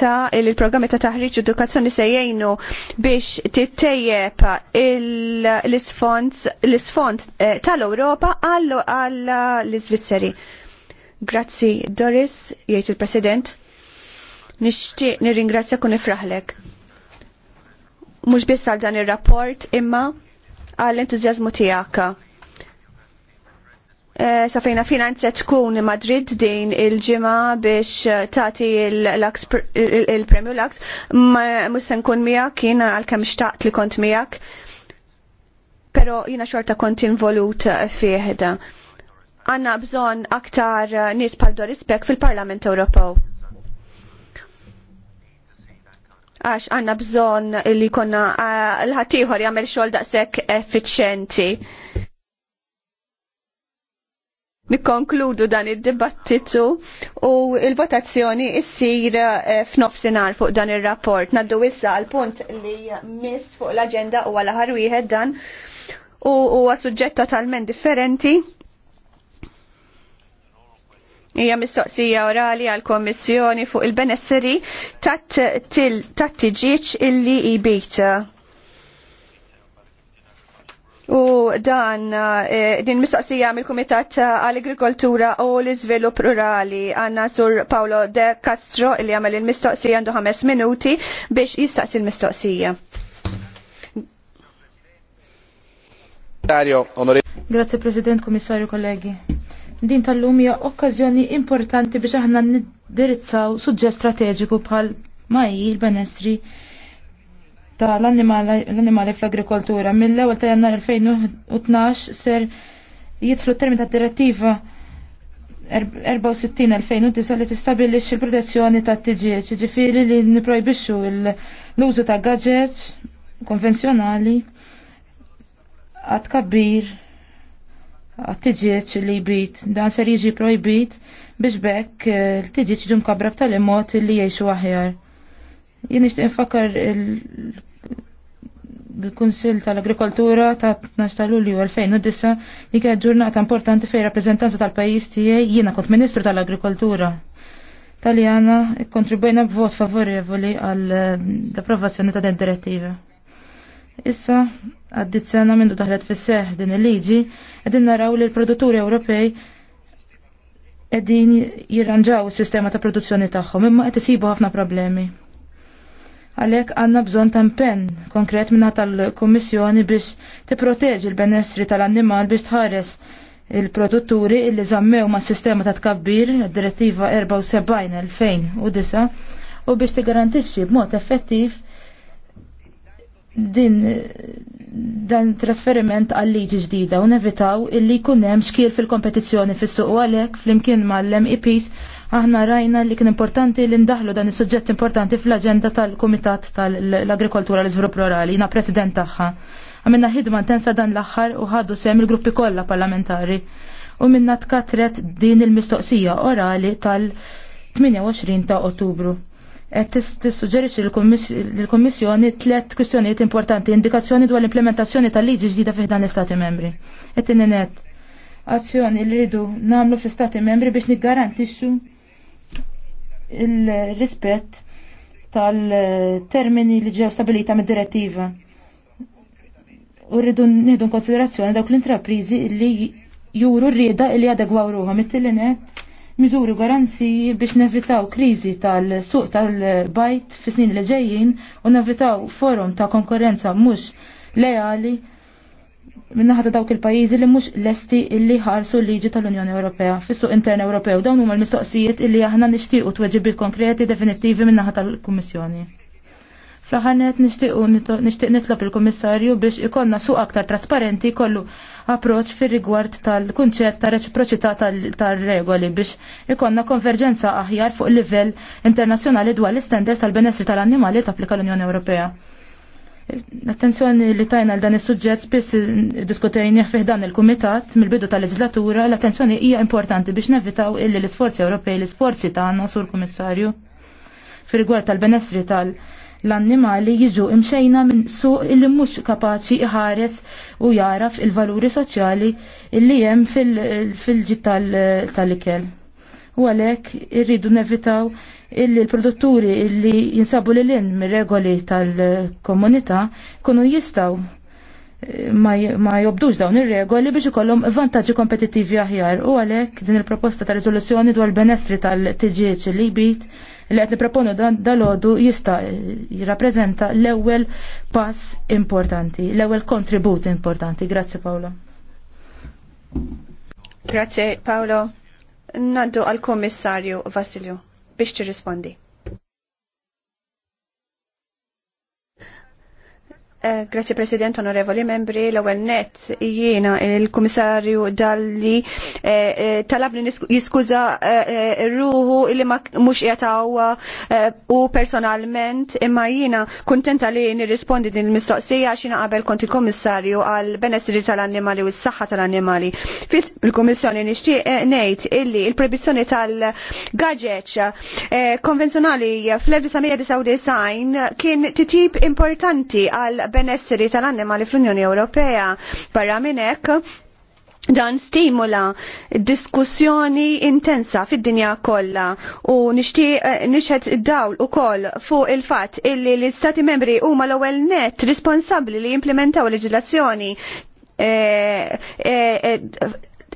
ta' il-programmi ta' taħriġ edukazzjoni se jgħinu biex tittejjeb l-isfond eh, tal-Ewropa għall-Iżvizzeri. Grazzi Doris, jgħid il-President. Nixtieq nirringrazzja kun ifraħlek. Mhux biss għal dan ir-rapport imma għall-entużjażmu tiegħek Eh, safejna finanza tkun Madrid din il-ġimgħa biex eh, tagħti il-premju Lux mhux se nkun miegħek jiena għalkemm xtaqt li kont miegħek. Però jiena xorta kont involut eh, fieħda. Għanna Għandna bżonn aktar nies bħal rispek fil-Parlament Ewropew. Għax għandna bżonn li konna l ħatiħor jagħmel xogħol daqshekk effiċjenti nikkonkludu dan id-dibattitu u il-votazzjoni issir eh, f'nofsinhar fuq dan ir-rapport. Naddu issa għal punt li mist fuq l-aġenda u għal wieħed dan u huwa suġġett totalment differenti. Hija mistoqsija orali għal kommissjoni fuq il-benesseri tat-tiġiċ illi ibita. U dan eh, din mistoqsija mill-Kumitat għall-Agrikoltura u l-Iżvilupp Rurali għandna sur Paolo De Castro li għamel il-mistoqsija għandu ħames minuti biex jistaqsi l-mistoqsija. Grazie President, Komissarju, kollegi. Din tal-lum hija okkażjoni importanti biex aħna niddirizzaw suġġett strateġiku bħal ma'i il-benessri tal-annimali fl-agrikoltura mill-ewwel ta' jannar 2012 ser jidħlu termin ta' direttiva 64-2009 li tistabilix il-protezzjoni ta' t-tġieċ, ġifiri li niprojbixu l-użu ta' gadgets konvenzjonali għat kabbir għat t-tġieċ li jbit, dan ser jiġi projbit biex bekk l-tġieċ eh, ġum kabra b'tal-imot li jiexu aħjar jien nixtieq nfakkar il-Kunsil tal-Agrikoltura ta' 12 ta' Lulju 2009 li kienet ġurnata importanti fej rappresentanza tal-pajjiż tiegħi jiena kont Ministru tal-Agrikoltura. Taljana kontribujna b'vot favorevoli għall eh, approvazzjoni ta' din direttiva. Issa għaddit sena minn daħlet fis-seħ din il-liġi qegħdin naraw li l-produtturi Ewropej qegħdin jirranġaw is-sistema ta' produzzjoni tagħhom imma qed isibu ħafna problemi Għalhekk għandna bżonn ta' impenn konkret minna tal-Kummissjoni biex t-proteġi l-benessri tal-annimal biex tħares il-produtturi illi zammew ma' sistema ta' tkabbir direttiva 74-2009 u biex tigarantixxi b'mod effettiv din dan trasferiment għal liġi ġdida u nevitaw illi jkun hemm xkiel fil-kompetizzjoni fis-suq u għalhekk flimkien mal-MEPs Aħna rajna li kien importanti li ndaħlu dan is-suġġett importanti fl-aġenda tal-Kumitat tal-Agrikoltura l-Iżvilupp Rurali, jina President tagħha. Għamilna ħidma intensa dan l-aħħar u ħadu sem il-gruppi kollha parlamentari u minna tkatret din il-mistoqsija orali tal-28 ta' Ottubru qed tissuġġerixxi lill-Kummissjoni tliet kwistjonijiet importanti, indikazzjoni dwar l-implementazzjoni tal-liġi ġdida fih dan l-Istati membri. Qed innet azzjoni li rridu nagħmlu fl-Istati membri biex niggarantixxu il-rispett tal-termini li ġew stabilita mid-direttiva. U rridu nieħdu konsiderazzjoni dawk l-intraprizi li juru rrieda li adegwaw ruhom it-tilinet miżuri garanziji biex nevitaw kriżi tal-suq tal-bajt fis snin li ġejjin u nevitaw forum ta' konkurrenza mhux leali minnaħata dawk il-pajjiżi li mhux lesti illi ħarsu l-liġi tal-Unjoni Ewropea fis-suq intern Ewropew dawn huma l-mistoqsijiet illi aħna nixtiequ tweġibiet konkreti definittivi minnaħa tal-Kummissjoni. Fl-aħħar net nixtieq nitlob il-Kummissarju biex ikollna suq aktar trasparenti kollu approċ fir rigward tal-kunċett ta' reċiproċità tal-regoli biex ikollna konverġenza aħjar fuq il livell internazzjonali dwar l-istenders tal benessi tal-annimali tapplika l-Unjoni Ewropea. L-attenzjoni li tajna l-dan is-suġġett spiss diskutejni fih dan il-Kumitat mill-bidu tal-Leġislatura, l-attenzjoni hija importanti biex nevitaw illi l-isforzi Ewropej, l-isforzi tagħna sur Kummissarju fir-rigward tal-benessri tal-annimali jiġu imxejna minn suq illi mhux kapaċi iħares u jaraf il-valuri soċjali illi hemm fil ġittal tal-ikel. U għalhekk irridu nevitaw illi l-produtturi illi jinsabu li l-in mir-regoli tal-komunità kunu jistaw eh, ma jobdux dawn ir-regoli biex ikollhom vantaġġi kompetittivi aħjar u għalhekk din il-proposta ta' riżoluzzjoni dwar benestri tal tgh li jbit li qed niproponu dal-għodu jista' jirrappreżenta l-ewwel pass importanti, l-ewwel kontribut importanti. Grazzi Paolo. Grazzi Paolo. Naddu għal-Kommissarju Vasilju biex tirrispondi. Eh, Grazie President, onorevoli membri, l-ewel jiena il-Komissarju Dalli eh, eh, talabni jiskuza ruhu ruħu illi ma mux jatawa u personalment imma jiena kontenta li nirrispondi din il-mistoqsija xina qabel kont il-Komissarju għal benessri tal-annimali u s-saxħa tal-annimali. Fis il-Komissjoni nishti nejt illi il-proibizzjoni tal gadget konvenzjonali fl-1999 kien titip importanti għal benesseri tal-annimali fl-Unjoni Ewropea. Barra minn hekk, dan stimula diskussjoni intensa fid-dinja kollha u nixtieq eh, nixħed dawl ukoll fuq il-fatt illi l-Istati membri huma l-ewwel net responsabbli li jimplementaw leġislazzjoni eh, eh,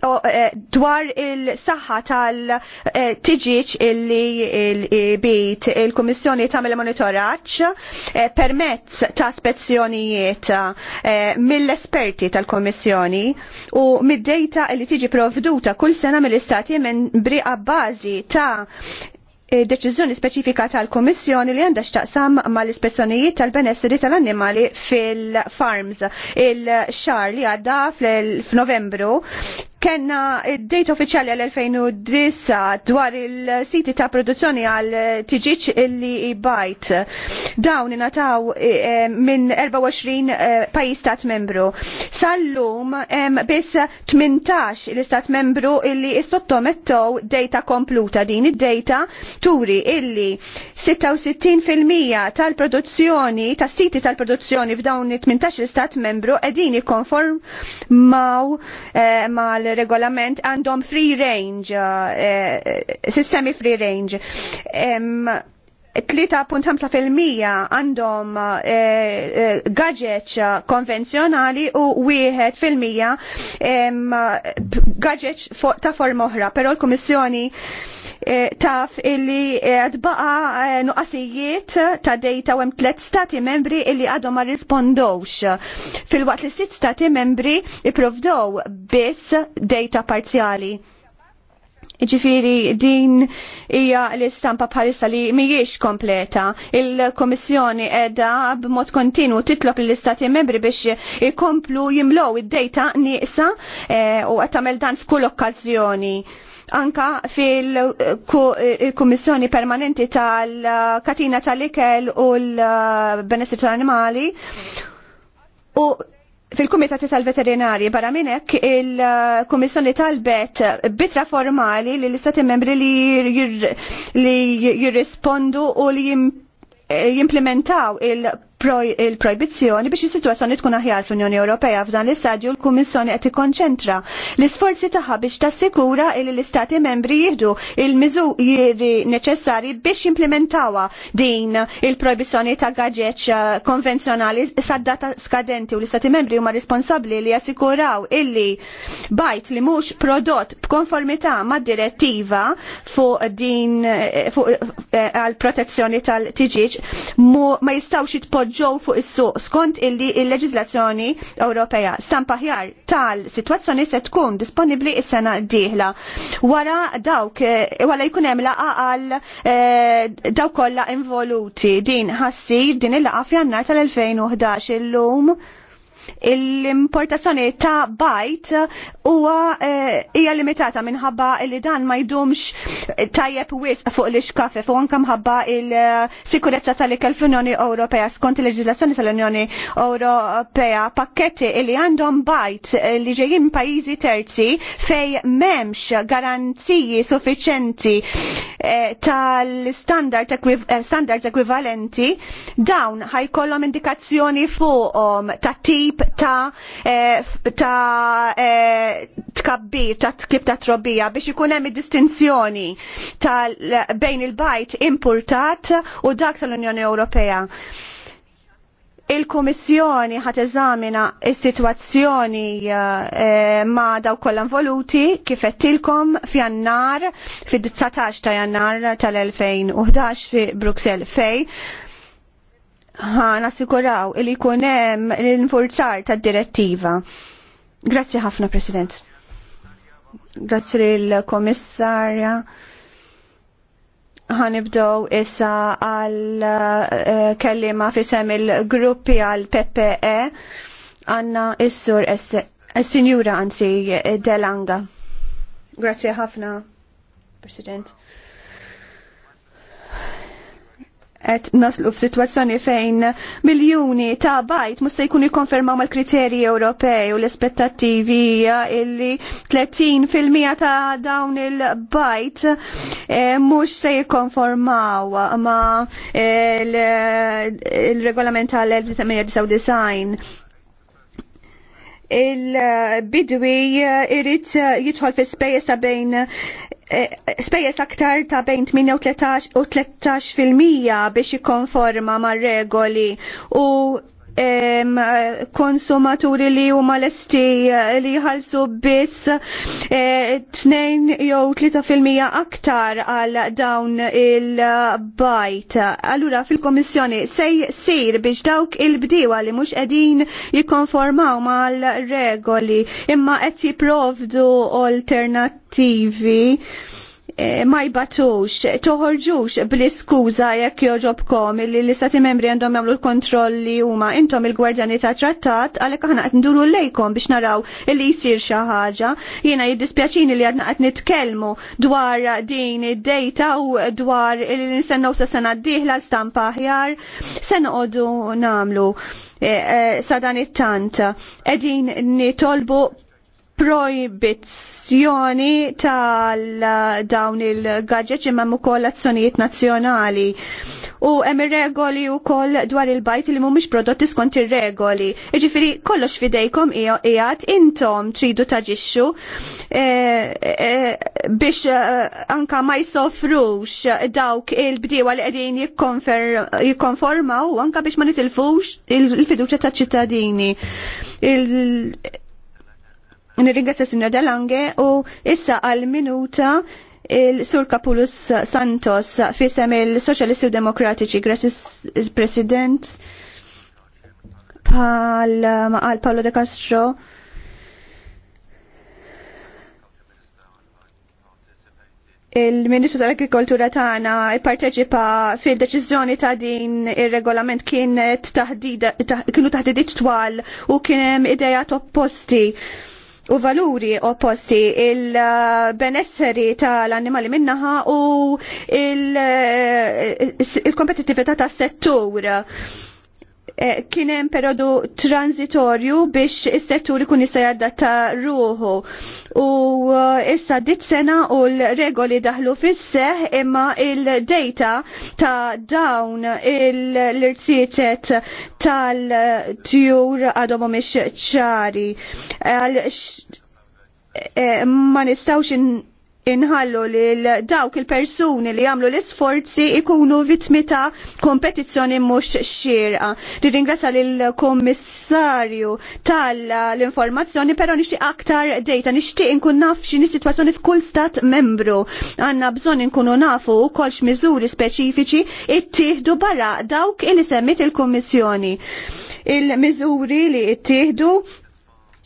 E, dwar il-saħħa tal-tiġiċ e, illi bit il-Kummissjoni tagħmel monitoraċ e, permezz ta' spezzjonijiet mill-esperti tal-Kummissjoni u mid-dejta li tiġi provduta kull sena mill-istati membri bazi ta' deċiżjoni speċifika tal-Komissjoni li għandha x'taqsam mal-ispezzjonijiet tal-benesseri tal-annimali fil-farms. Il-xar li għadda f'Novembru Kenna id-dejt uffiċjali għal-2009 dwar il-siti ta' produzzjoni għal tiġiċ illi bajt. Dawn ingħataw eh, minn 24 eh, pajis stat membru. Sallum biss 18 l-istat membru illi istottomettow dejta kompluta din id-dejta turi illi 66% tal-produzzjoni, tas-siti tal-produzzjoni f'dawn 18 l-istat membru qegħdin ma' eh, mal regolament għandhom free range, eh, eh, sistemi free range. 3.5% għandhom e, gadgets konvenzjonali u 1% gadgets ta' forma oħra, pero l-Komissjoni eh, taf illi għadbaqa nuqasijiet ta' dejta u tliet stati membri illi għadhom ma rispondowx. Fil-waqt li sitt stati membri iprovdow biss dejta parzjali. Ġifiri din hija l-istampa bħalissa li mhijiex kompleta. Il-Komissjoni qiegħda b'mod kontinu titlob lill-Istati membri biex ikomplu jimlow id-dejta nieqsa eh, u qed tagħmel dan f'kull okkażjoni. Anka fil-Kummissjoni Permanenti tal-Katina tal-Ikel u l-Benessir tal-Animali u Fil-Kumitat tal-Veterinari barra minnek il-Kummissjoni talbet bitra formali li l-Istati membri li jirrispondu u li jimplementaw il- il-projbizzjoni biex is-sitwazzjoni tkun aħjar fl-Unjoni Ewropea f'dan l-istadju l-Kummissjoni qed tikkonċentra l-isforzi tagħha biex tassikura li l-Istati membri jieħdu il-miżuri neċessarji biex jimplementawa din il-projbizzjoni ta' gaġeċ eh, konvenzjonali sad-data skadenti u l-Istati membri huma responsabbli li jassikuraw illi bajt li mhux prodott b'konformità mad-direttiva fuq din eh, fuq eh, għal protezzjoni tal-tiġiġ ma jistawx jitpoġġu ġew fuq is-suq skont illi il-leġiżlazzjoni Ewropea. Stampa ħjar tal-sitwazzjoni se tkun disponibbli is-sena d-dieħla. Wara dawk eh, wara jkun hemm laqa għal eh, daw kollha involuti din ħassi, din il-laqa f'jannar tal-2011 illum l-importazzjoni ta' bajt huwa eh, hija limitata minħabba li dan ma jdumx tajjeb wisq fuq l-iskafef u anke mħabba il-sikurezza tal-ikel fl-Unjoni Ewropea skont il-leġiżlazzjoni tal-Unjoni Ewropea pakketti li għandhom bajt li ġejjin pajjiżi terzi fej m'hemmx garanziji suffiċenti eh, tal-standard eh, standards ekwivalenti dawn ħajkollhom indikazzjoni fuqhom ta' tip tip ta' eh, ta' eh, tkabbir, ta' tkib ta' trobija biex ikun hemm id-distinzjoni bejn il-bajt importat u dak tal-Unjoni Ewropea. Il-Kummissjoni ħat eżamina s sitwazzjoni eh, ma' daw kollha involuti kif qedtilkom f'Jannar fid-19 ta' Jannar tal-2011 fi Bruxelles Fejn ħan assikuraw li jkun hemm l-infurzar tad-direttiva. Grazzi ħafna, President. Grazzi l komissarja ħanibdow issa għal eh, kellima fisem il-gruppi għal PPE għanna issur s-sinjura għansi Delanga. Grazie ħafna, President. qed naslu f'sitwazzjoni fejn miljuni ta' bajt mhux se jkunu jikkonfermaw mal-kriterji Ewropej u l-aspettattivi illi 30% ta' dawn il-bajt e, mhux se jikkonformaw ma' il-regolament tal-1999 il-bidwi irrit jidħol fil spejjeż ta' bejn Eh, spejjeż aktar ta' bejn 38 u 13% biex ikkonforma mar regoli u konsumaturi li huma lesti eh, li jħallsu biss eh, tnejn jew 3% aktar għal dawn il-bajt. Allura fil-Komissjoni se sir biex dawk il-bdiewa li mhux qegħdin jikkonformaw mal-regoli imma qed jipprovdu alternattivi Eh, ma jbatux, toħorġux bl-iskuza jekk joġobkom li l-istati membri għandhom jagħmlu kontrolli huma intom il-gwardjani ta' trattat għalhekk aħna qed nduru lejkom biex naraw li jsir xi ħaġa. Jiena jiddispjaċini li għadna qed nitkellmu dwar din id-dejta u dwar li nistennew sa sena d l-stampa aħjar se noqogħdu nagħmlu eh, eh, sa dan it-tant. Qegħdin nitolbu proibizzjoni tal eh, dawn il-gadget imma ukoll azzjonijiet nazzjonali. U hemm regoli wkoll dwar il-bajt li mhumiex prodotti skont ir-regoli. Jiġifieri kollox fidejkom ijat intom tridu taġixxu eh, eh, biex anka ma jsofrux dawk il-bdiewa li qegħdin jikkonformaw anka biex ma nitilfux il-fiduċja taċ-ċittadini. Il Nirringrazzja Sinna Dalange u issa għal minuta il-Sur Kapulus Santos fisem il-Soċjalisti u Demokratiċi. Grazzi President pal Paolo De Castro il-Ministru tal-Agrikoltura tagħna ipparteċipa fil deċiżjoni ta' din ir-regolament kienet taħdida kienu taħdidiet twal u kien hemm idejat opposti. posti u valuri opposti il-benesseri tal-annimali minnaħa u il-kompetitivita il eh, tas-settur. tas settur Eh, Kien hemm periodu transitorju biex is-settur ikun jista' jadatta ruħu. U eh, issa dit sena u l-regoli daħlu fis-seħ imma il-data ta' dawn l-irsiet tal-tjur għadhom mhumiex ċari. Eh, ma ma nistawx inħallu lil dawk il-persuni li jagħmlu l-isforzi ikunu vittmi ta' kompetizzjoni mhux xierqa. Nirringrasa lill kommissarju tal-informazzjoni però nixtieq aktar data, nixtieq inkun naf x'inhi sitwazzjoni f'kull stat membru. Għandna bżonn inkunu nafu wkoll x'miżuri speċifiċi ittieħdu barra dawk il semmit il-Kummissjoni. Il-miżuri li ittieħdu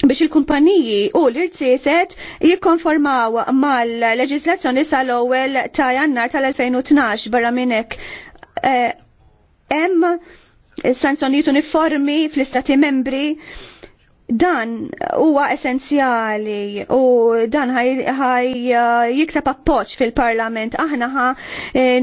biex il-kumpaniji u l-irtsiset jikkonformaw mal-leġislazzjoni sal-ewwel ta' jannar tal-2012 barra minnek eh, hemm sanzjonijiet uniformi fl-istati membri dan huwa essenzjali u dan ħaj eh, jiksab appoġġ fil-parlament aħna ħa eh,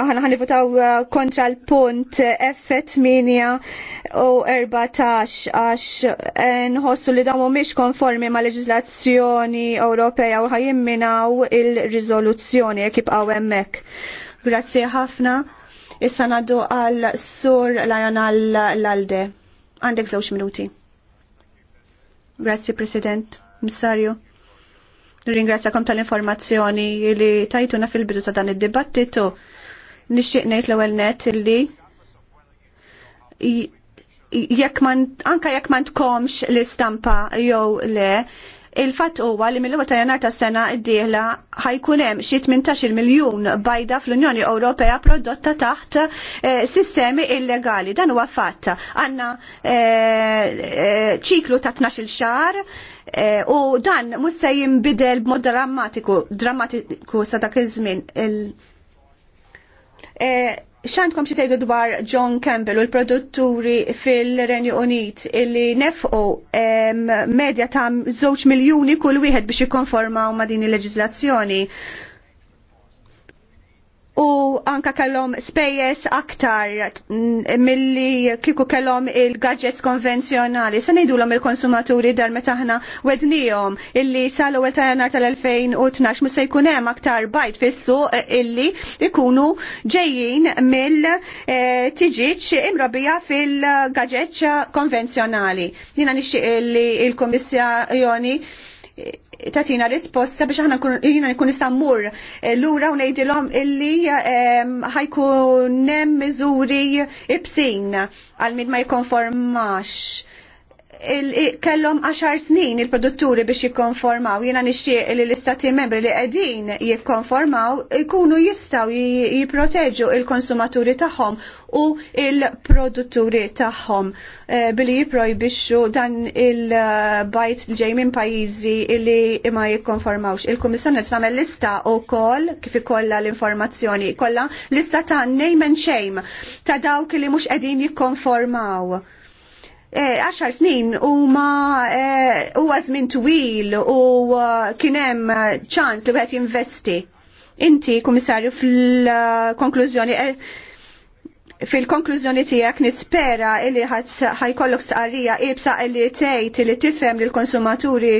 aħna votaw uh, kontra l-punt F8 u 14 għax eh, nħossu li dawn mhumiex konformi ma' leġislazzjoni Ewropea u ħajimminaw il-riżoluzzjoni jekk jibqgħu hemmhekk. Grazzi ħafna. Issa ngħaddu għal sur l Lalde. Għandek żewġ minuti. Grazzi President, Msarju. Ringrazzakom tal-informazzjoni li tajtuna fil-bidu ta' dan id-dibattitu nixtieq ngħid l-ewwel net illi jekk man anka jekk ma tkomx l-istampa jew le, il-fatt huwa li mill-ewwel ta' Jannar tas-sena d-dieħla ħajkun hemm xi 18 miljun bajda fl-Unjoni Ewropea prodotta taħt eh, sistemi illegali. Dan huwa fatt. Għandna eh, eh, ċiklu ta' 12 xahar u dan mhux se jinbidel b'mod drammatiku, drammatiku sa dak iż-żmien. il Eh, xantkom xi tgħidu dwar John Campbell u l-produtturi fil-Renju Unit illi nefqu medja ta' żewġ miljuni kull wieħed biex jikkonformaw ma' din il-leġiżlazzjoni u anka kellhom spejjeż aktar milli kieku kellhom il-gadgets konvenzjonali. Se ngħidulhom il-konsumaturi dar meta aħna wednihom illi sal ewwel ta' jannar tal-2012 mhux se jkun hemm aktar bajt fis-suq illi jkunu ġejjin mill-tiġiġ eh, imrobija fil-gadgets konvenzjonali. Jiena nixtieq li l-Kummissjoni tatina risposta biex aħna jina nkun sammur eh, lura u ngħidilhom illi ehm, ħajkun hemm miżuri ibsin għal min ma jikonformax kellhom 10 snin il-produtturi biex jikkonformaw. Jiena nixtieq li l-istati membri li qegħdin jikkonformaw ikunu jistgħu jipproteġu il-konsumaturi tagħhom u il-produtturi tagħhom eh, billi jipprojbixxu dan il-bajt ġej minn pajjiżi li ma jikkonformawx. Il-Kummissjoni qed tagħmel lista wkoll kif ikollha l-informazzjoni kollha lista ta' name and shame ta' dawk li mhux qegħdin jikkonformaw Eh, għaxar snin huma eh, u żmien twil u eh, kien hemm ċans li għet jinvesti. Inti, komissarju, fil-konklużjoni fil-konklużjoni tiegħek nispera illi ħajkollok saqarrija ibsa illi tgħid li tifhem lil konsumaturi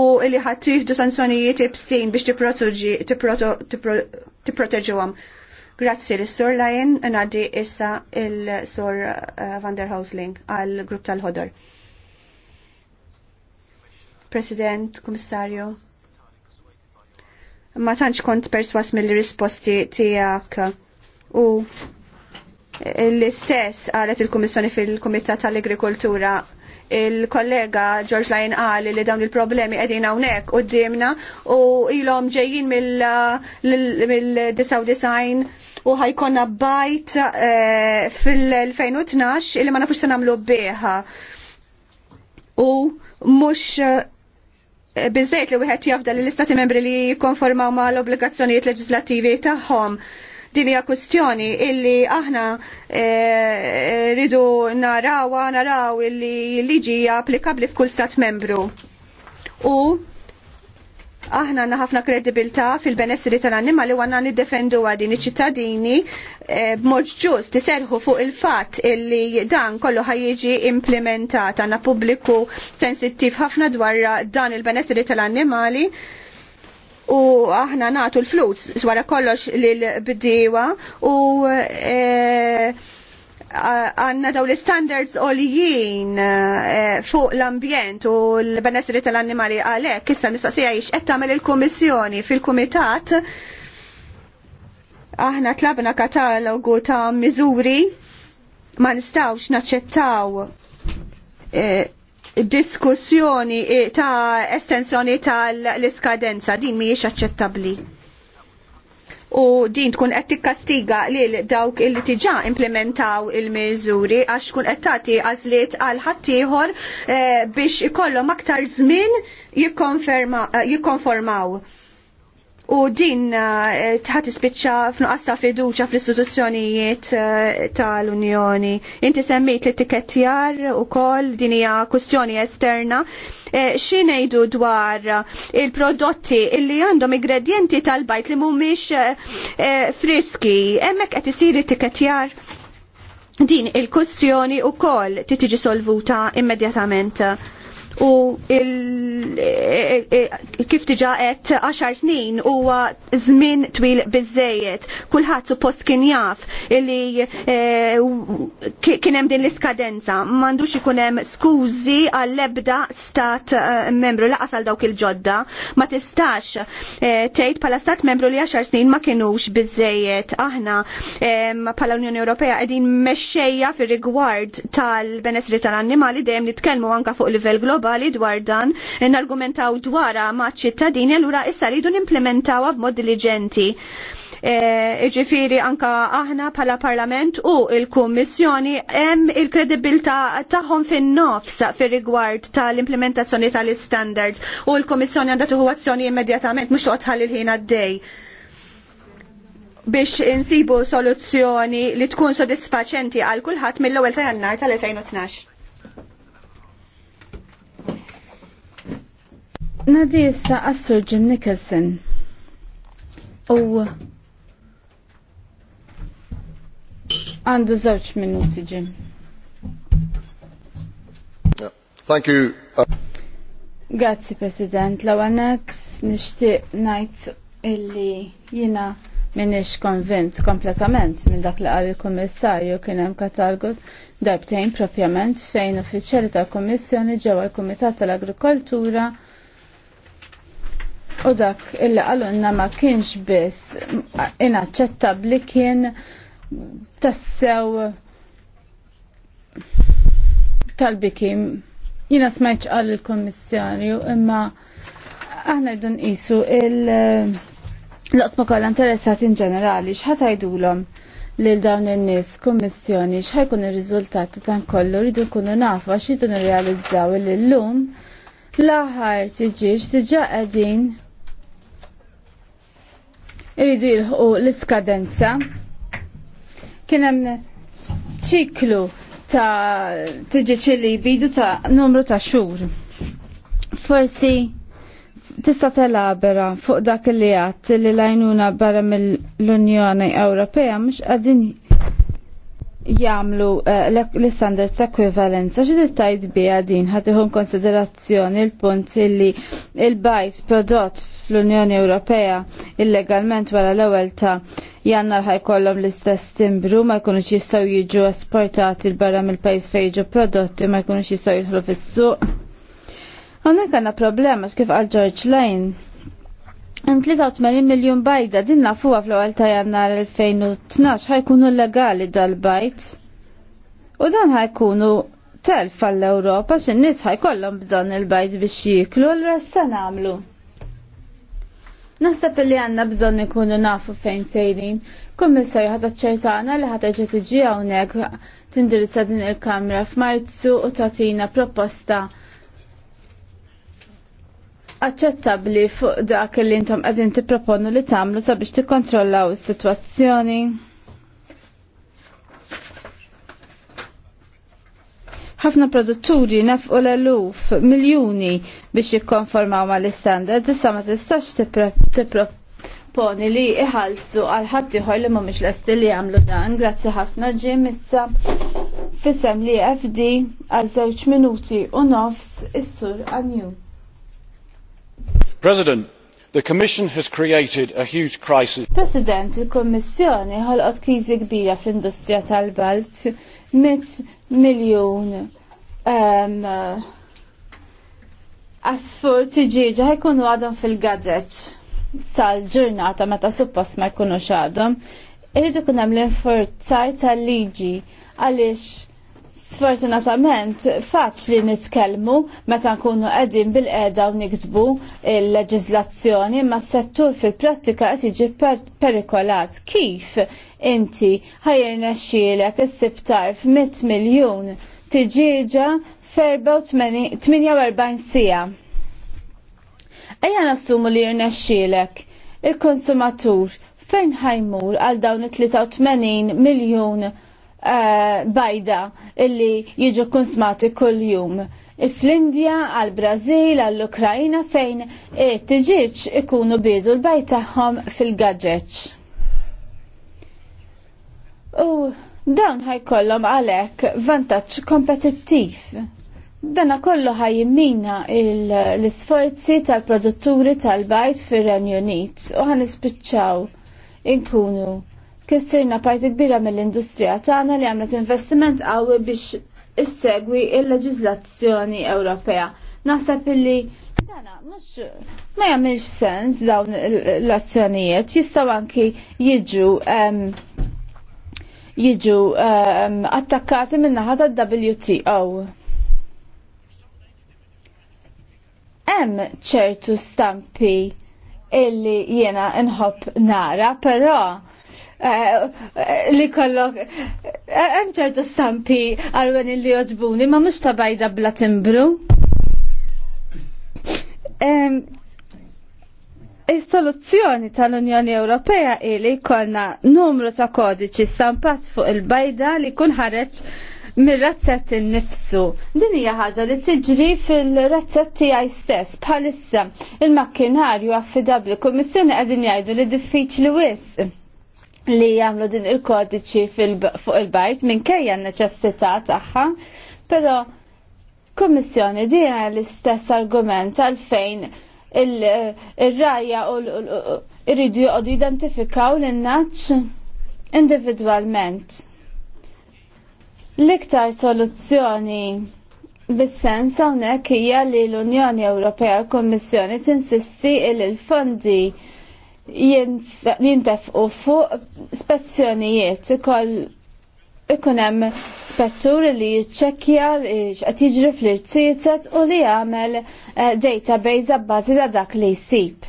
u illi ħadd tieħdu sanzjonijiet ibsin biex tipproteġuhom. Grazzi l-Sur Lajen, nadi issa il-Sur eh, Van der Hausling għal-Grupp tal-Ħodor. President, Komissarju, ma tantx kont perswas mill-risposti tiegħek u l-istess għalet il-Kummissjoni fil-Kumitat tal-Agrikoltura il-kollega George Lyon għal li dawn il-problemi qegħdin hawnhekk dimna u ilhom ġejjin mill-99 u ħajkonna bajt eh, fil-2012 illi ma nafux se nagħmlu U mhux eh, bizzejt li wieħed jafda li l-istati membri li konformaw ma l-obbligazzjonijiet leġislativi tagħhom. Din hija kwistjoni illi aħna eh, eh, rridu narawa, naraw illi liġi applikabbli f'kull stat membru. U aħna għandna ħafna kredibilità fil-benessri tal-annimali u għanna niddefendu għadin iċ-ċittadini eh, b'mod ġust iserħu fuq il-fat illi dan kollu jiġi implementat għanna pubbliku sensittiv ħafna dwar dan il-benessri tal-annimali u aħna natu l-flus zwara kollox l bdiewa u e, għanna daw l-standards olijin e, fuq l-ambjent u l-benessri tal-annimali għalek, issa mistoqsija jiex għetta tagħmel il-kummissjoni fil-kumitat aħna tlabna katalogu ta' miżuri ma nistawx naċċettaw e, diskussjoni ta' estensjoni tal-iskadenza din mhijiex aċċettabbli. U din tkun qed tikkastiga lil dawk illi tiġà implementaw il-miżuri għax tkun qed tagħti għażliet għal ħaddieħor eh, biex ikollhom aktar żmien eh, jikkonformaw u din eh, tħat ispiċċa f'nuqqas ta' fiduċa fl-istituzzjonijiet eh, tal-Unjoni. Inti semmejt l-etikettjar u kol din hija kwistjoni esterna. Eh, xinejdu dwar il-prodotti illi għandhom ingredienti tal-bajt li mhumiex friski. Hemmhekk qed isir it-tiketjar din il-kustjoni u koll titiġi solvuta immedjatament u e, e, kif diġa qed 10 snin huwa żmien twil kulħat Kulħadd suppost kien jaf li e, kien hemm din l-iskadenza. M'għandux ikun hemm skużi għall-ebda stat membru laqas għal dawk il-ġodda. Ma tistax tgħid bħala stat membru li 10 snin ma kienux bizzejiet Aħna bħala Unjoni Ewropea qegħdin mexxejja fir-rigward tal-benessri tal-annimali dejjem nitkellmu anka fuq livell global globali dwar dan nargumentaw dwara ma' ċittadini allura issa rridu nimplementaw b'mod diligenti. E, anka aħna pala parlament u il-Kummissjoni hemm il-kredibilità tagħhom fin-nofs fir-rigward tal-implementazzjoni tal-standards u l-Kummissjoni għandha tieħu azzjoni immedjatament mhux qodħal il-ħin għaddej biex insibu soluzzjoni li tkun sodisfaċenti għal kulħadd mill-ewwel ta' jannar tal-2012. Nadi issa Assur Jim Nicholson u għandu żewġ minuti Jim. Thank you. Uh, Grazzi President, l-għanet nishtiq najt illi jina minix konvint kompletament minn dak li qal il-Kummissarju kien hemm katalgu darbtejn propjament fejn uffiċjali tal-Kummissjoni ġewwa l-Kumitat tal-Agrikoltura U dak illi għalunna ma kienx biss inaċċettabli kien tassew tal-bikim. Jina smajċ għal il-kommissarju imma aħna jdun isu il- L-qsma kolla interessat in ġenerali, xħatajdulom lil dawn in-nies kummissjoni x'ħajkun ir-riżultati tan kollu rridu kunu nafwa xħidun il nirrealizzaw il llum l-aħħar siġiex diġà qegħdin iridu jilħu l-iskadenza. Kien hemm ċiklu ta' tiġi li bidu ta' numru ta' xhur. Forsi tista' telabera fuq dak li għat li lajnuna barra mill-Unjoni Ewropea mhux qegħdin jamlu eh, l-standards ta' ekvivalenza. ċi tajt bi din ħatiħu konsiderazzjoni l-punt li l bajt prodott fl-Unjoni Ewropea illegalment wara l-ewwel ta' jannar ħajkollhom l-istess timbru ma jkunux jistgħu jiġu esportati l barra mill-pajjiż fejn jiġu prodotti ma jkunux jistgħu jidħlu fis-suq. Hawnhekk għandna problema x'kif qal George Lane. Hemm 83 miljun bajda din nafuha fl-ewwel ta' jannar 2012 ħajkunu legali dal-bajt. U dan ħajkunu telf għall-Ewropa x'in-nies ħajkollhom bżonn il-bajt biex jiklu l-resta nagħmlu. Naħseb li għanna bżon ikunu nafu fejn sejrin. Kummissarju ħat ċertana li ħat ġet iġi hawnhekk tindirizza din il-Kamra f'Marzu u tatina proposta aċċettabbli fuq dak li intom qegħdin tipproponu li tagħmlu sabiex tikkontrollaw is-sitwazzjoni. ħafna produtturi u l-eluf, miljuni biex jikkonformaw ma l-istandard, issa ma tistax tipproponi li iħalsu għal ħaddieħor li mhumiex lesti li jagħmlu dan. Grazzi ħafna ġim issa fisem li FD għal żewġ minuti u nofs is-sur għanju. President, The Commission has created a huge crisis. President, il-Kommissjoni ħolqot kriżi kbira fl-industrija tal-Balt, 100 miljun um, asfur tiġiġa ħajkunu għadhom fil-gadget sal-ġurnata meta suppost ma jkunux għadhom. Irridu kun hemm l-infurzar tal-liġi għaliex Sfortunatament, faċli nitkellmu meta nkunu qegħdin bil-qeda u niktbu il-leġiżlazzjoni ma settur fil-prattika qed jiġi perikolat. Kif inti ħajr nexxielek issib tarf 100 miljun tiġiġa f'48 sija. Ejja nassumu li jirnexxielek il-konsumatur fejn ħajmur għal dawn it-83 miljun Eh, bajda illi jiġu konsmati kull jum. Fl-Indja, għal brażil għall ukrajina fejn it-tġiġ ikunu bidu l bajtaħom tagħhom fil-gadġeċ. U dawn ħajkollhom għalhekk vantaġġ kompetittiv. Dana kollu ħajjimmina l-isforzi tal-produtturi tal-bajt fir renju Unit u ħanispiċċaw inkunu kissirna parti kbira mill-industrija tagħna li għamlet investiment qawwi biex issegwi il leġizlazzjoni Ewropea. Naħseb illi Dana, mux, ma jamilx sens dawn l-azzjonijiet, jistaw anki jiġu um, jiġu um, attakkati minnaħa ta' WTO. Hemm ċertu stampi illi jena inħobb nara, però Eh, li kollok eh, hemm ċertu stampi għalwen li oġbuni ma mux ta' bajda bla timbru. Is-soluzzjoni tal-Unjoni Ewropea hi li jkollna numru ta' kodiċi stampat fuq il-bajda li kun ħareġ mir razzetti innifsu. Din hija ħaġa li tiġri fil razzetti tiegħi stess bħalissa il-makkinarju affidabli kummissjoni qegħdin jgħidu li diffiċli wisq li jagħmlu din il-kodiċi fuq il-bajt kajja n-neċessità tagħha, però kummissjoni din l-istess argument għalfejn il-rajja u irridu joqogħdu jidentifikaw l-innaċ individwalment. L-iktar soluzzjoni bis-sens hawnhekk hija li l-Unjoni Ewropea l-Kummissjoni tinsisti il-fondi il fondi u fuq spezzjonijiet ikoll ikun hemm spettur li jiċċekkja x'qed jiġri fl-irtietet u li jagħmel eh, database abbażi ta' dak li jsib.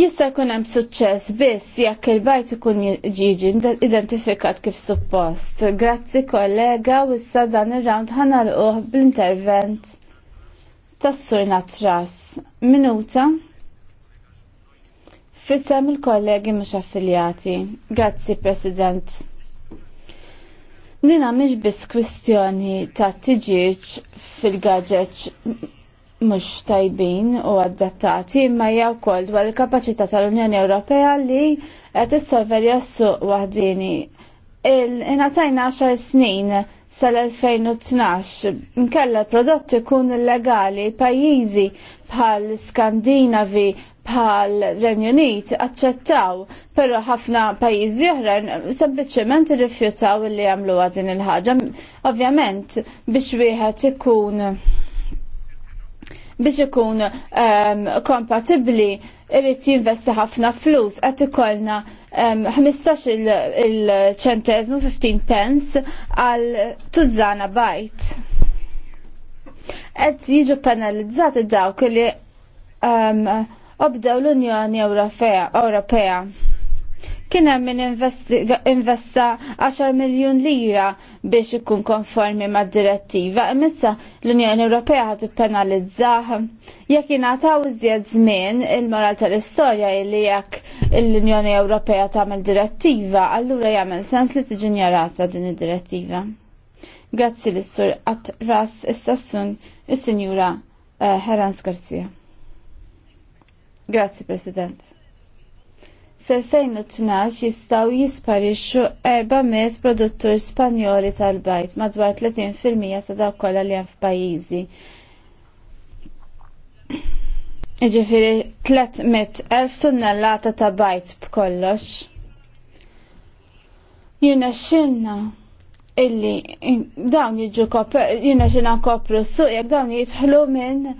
Jista' jkun hemm suċċess biss jekk il-bajt ikun jiġi identifikat kif suppost. Grazzi kollega u issa dan ir-round ħanalquh bl-intervent Tassur Natras. Minuta fissam il-kollegi mhux affiljati. Grazzi President. Nina mhix biss kwistjoni ta' tiġiġ fil-gaġeġ mhux tajbin u adattati imma jaw wkoll dwar il-kapaċità tal-Unjoni Ewropea li qed issolverja s-suq waħdini. Il-ingħatajna 10 snin sal-2012. Nkella prodotti ikun illegali pajjiżi bħal Skandinavi bħal Renju Unit aċċettaw, però ħafna pajjiżi oħrajn sempliċement irrifjutaw li jagħmlu din il-ħaġa. Ovvjament biex wieħed ikun biex ikun um, ehm, kompatibli irrit jinvesti ħafna flus qed ikollna 15 il-ċentezmu 15 pence għal tużana bajt. Qed jiġu penalizzati dawk li obdew l-Unjoni Ewropea. Kien hemm min investa 10 miljun lira biex ikun konformi mad-direttiva, imissa l-Unjoni Ewropea ħat ippenalizzah jekk ingħataw iżjed żmien il-moral tal-istorja li jekk l-Unjoni Ewropea tagħmel direttiva, allura jagħmel sens li tiġi ignorata din id-direttiva. Grazzi lis sur qatt ras istassun is-Sinjura eh, Herans Garzija. Grazzi President f 2012 jistaw jisparixxu 400 produttur Spanjoli tal-bajt madwar 30% sa dawk kollha li hemm f'pajjiżi. Ġifieri 300,000 tunnellata ta' bajt b'kollox. Jirna xinna illi dawn jiġu jirna xinna kopru s-suq jek dawn jitħlu minn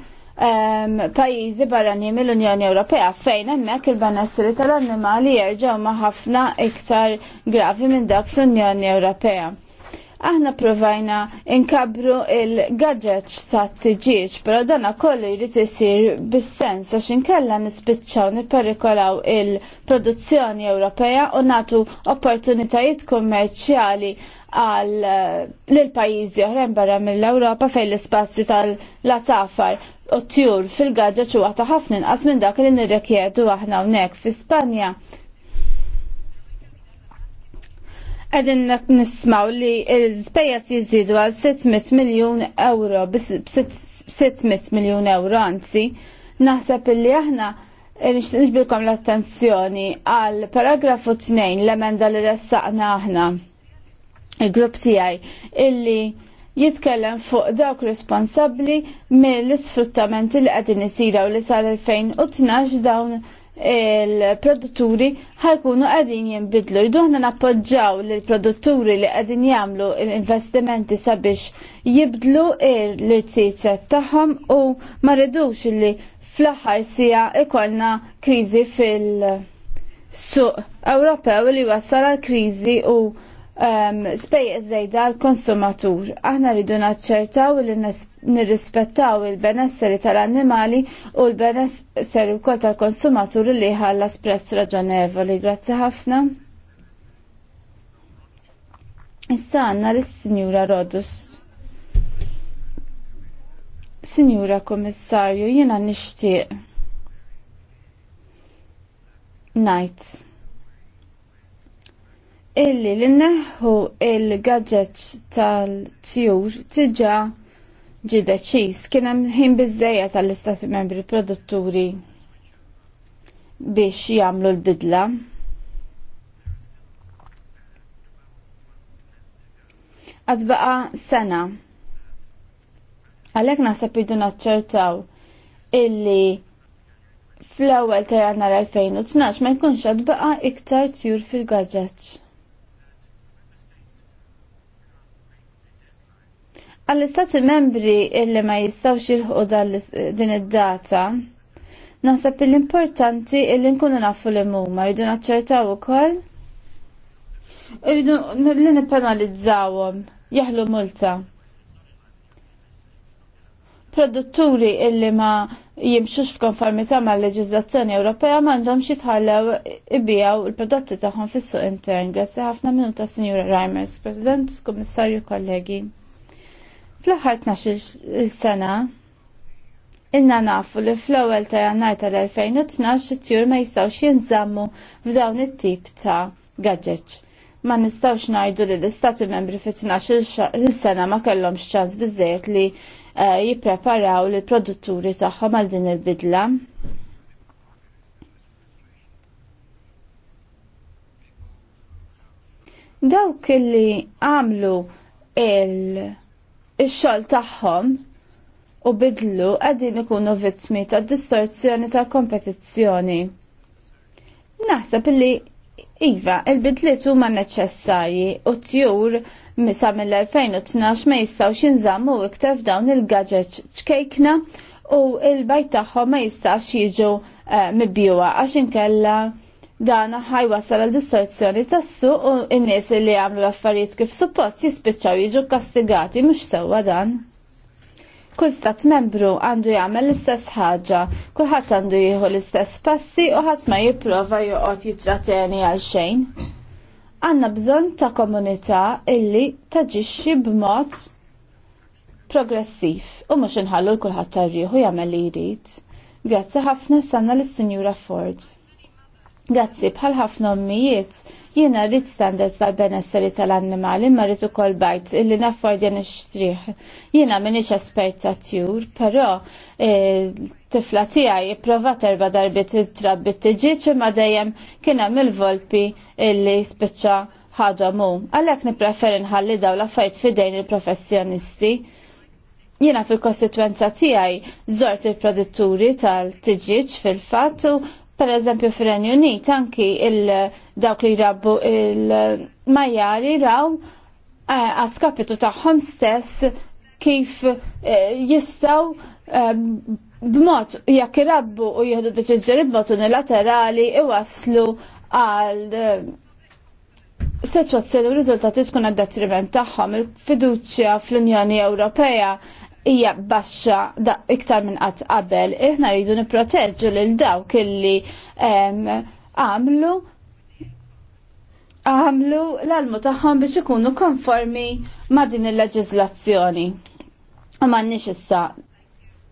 pajizi barani mill-Unjoni Ewropea fejn hemmhekk il-benessri tal-annimali jerġgħu ma' ħafna iktar gravi minn dak fl-Unjoni Ewropea. Aħna provajna inkabru il-gadget ta' t-tġiġ, pero dana kollu jrid isir bis-sens għax inkella nispiċċaw nipperikolaw il-produzzjoni Ewropea u natu opportunitajiet kummerċjali għal eh, l-pajizi oħrajn barra mill-Ewropa fejn l-ispazju tal-lasafar u tjur fil gadja ċuwa ta' ħafna inqas minn dak li nirrekjedu aħna hawnhekk fi Spanja. Għedin nismaw li l-spejjeż jiżidu għal 600 miljun euro, 600 miljun euro anzi, naħseb illi aħna nixbilkom l-attenzjoni għal paragrafu 2 l-emenda li ressaqna aħna il-grupp tiegħi illi jitkellem fuq dawk responsabbli mill-isfruttamenti li qegħdin isira u li sal-2012 dawn il-produtturi ħajkunu għadin jimbidlu. Jduħna nappoġġaw l-produtturi li għadin jamlu investimenti sabiex jibdlu l-irtizet taħħom u ma li fl-axar sija ikolna krizi fil-suq Ewropew li wassal għal krizi u um, spejjeż żejda l-konsumatur. Aħna rridu naċċertaw li nirrispettaw il-benesseri tal-annimali u l-benesseri wkoll tal-konsumatur li ħalla sprezz raġonevoli. Grazzi ħafna. Issa għanna l-Sinjura Rodus. Sinjura Komissarju, jiena nixtieq. Night illi li neħu il-gadgets tal-tjur tiġa ġi kienem kien hemm ħin bizzeja tal-istati membri produtturi biex jagħmlu l-bidla. Għadbaqa sena. Għalhekk naħseb idu naċċertaw illi fl-ewwel ta' jannar 2012 ma jkunx għadbaqa' iktar tjur fil-gadgets. Għall-istati membri illi ma jistawx jilħu din id-data, Nasab l-importanti illi nkunu nafu li muma rridu naċċertaw ukoll. Rridu li nipenalizzawhom, jaħlu multa. Produtturi illi ma jimxux f'konformità mal leġiżlazzjoni Ewropea m'għandhomx jitħallew ibijaw il-prodotti tagħhom fis-suq intern. Grazzi ħafna minuta Sinjura Reimers, President, Kummissarju, kollegi. Fl-aħħar 12 sena Inna nafu li fl-ewwel ta' jannar tal-2012 it-tjur ma jistgħux jinżammu f'dawn it-tip ta' gadgets. Ma nistgħux ngħidu li l-istati membri fit 12 sena ma kellhomx ċans biżejjed li eh, jippreparaw lill produtturi tagħhom għal din il-bidla. Dawk li għamlu il- ix-xogħol tagħhom u bidlu qegħdin ikunu vittmi ta' distorzjoni ta' kompetizzjoni. Naħseb li iva, il-bidliet huma neċessarji u tjur misa mill-2012 ma jistgħu jinżammu iktar f'dawn il-gadget ċkejkna u il-bajt tagħhom ma jistax jiġu eh, mibjuwa għax inkella Dan ħajwasal għal distorzjoni tas-suq u n-nies li jagħmlu l-affarijiet kif suppost jispiċċaw jiġu kastigati mhux sewwa dan. Kull stat membru għandu jagħmel l-istess ħaġa, kulħadd għandu jieħu l-istess passi u ħadd ma jipprova joqgħod jitrateni għal xejn. Għandna bżonn ta' komunità illi taġixxi b'mod progressiv u mhux inħallu l kulħadd tarriħu jagħmel li jrid. Grazzi ħafna sanna lis-Sinjura Ford. Grazzi bħal ħafna ommijiet jiena rrid standards tal-benesseri tal-annimali imma rrid ukoll bajt illi naffordja nixtrih. Jiena m'iniex espert ta' tjur, però eh, tifla tiegħi jipprova terba darbit it-trabbi t-tiġiġ imma dejjem kien hemm il-volpi illi spiċċa ħadhom hu. Għalhekk nippreferi nħalli daw l-affarijiet fidejn il-professjonisti jiena fil-kostituenza tiegħi żort il-produtturi tal-tiġiġ fil-fatt Per eżempju fir-Renju Unit anki il-dawk li rabbu il-majjali raw eh, għaskapitu tagħhom stess kif eh, jistaw eh, b'mod jekk irabbu u jieħdu deċiżjoni b'mod unilaterali iwaslu għal situazzjoni u riżultati tkun għad detriment tagħhom il-fiduċja fl-Unjoni Ewropea hija baxxa iktar minn qatt qabel, iħna rridu nipproteġġu lil dawk illi għamlu għamlu l-almu tagħhom biex ikunu konformi ma' din il-leġiżlazzjoni. U m'għandniex issa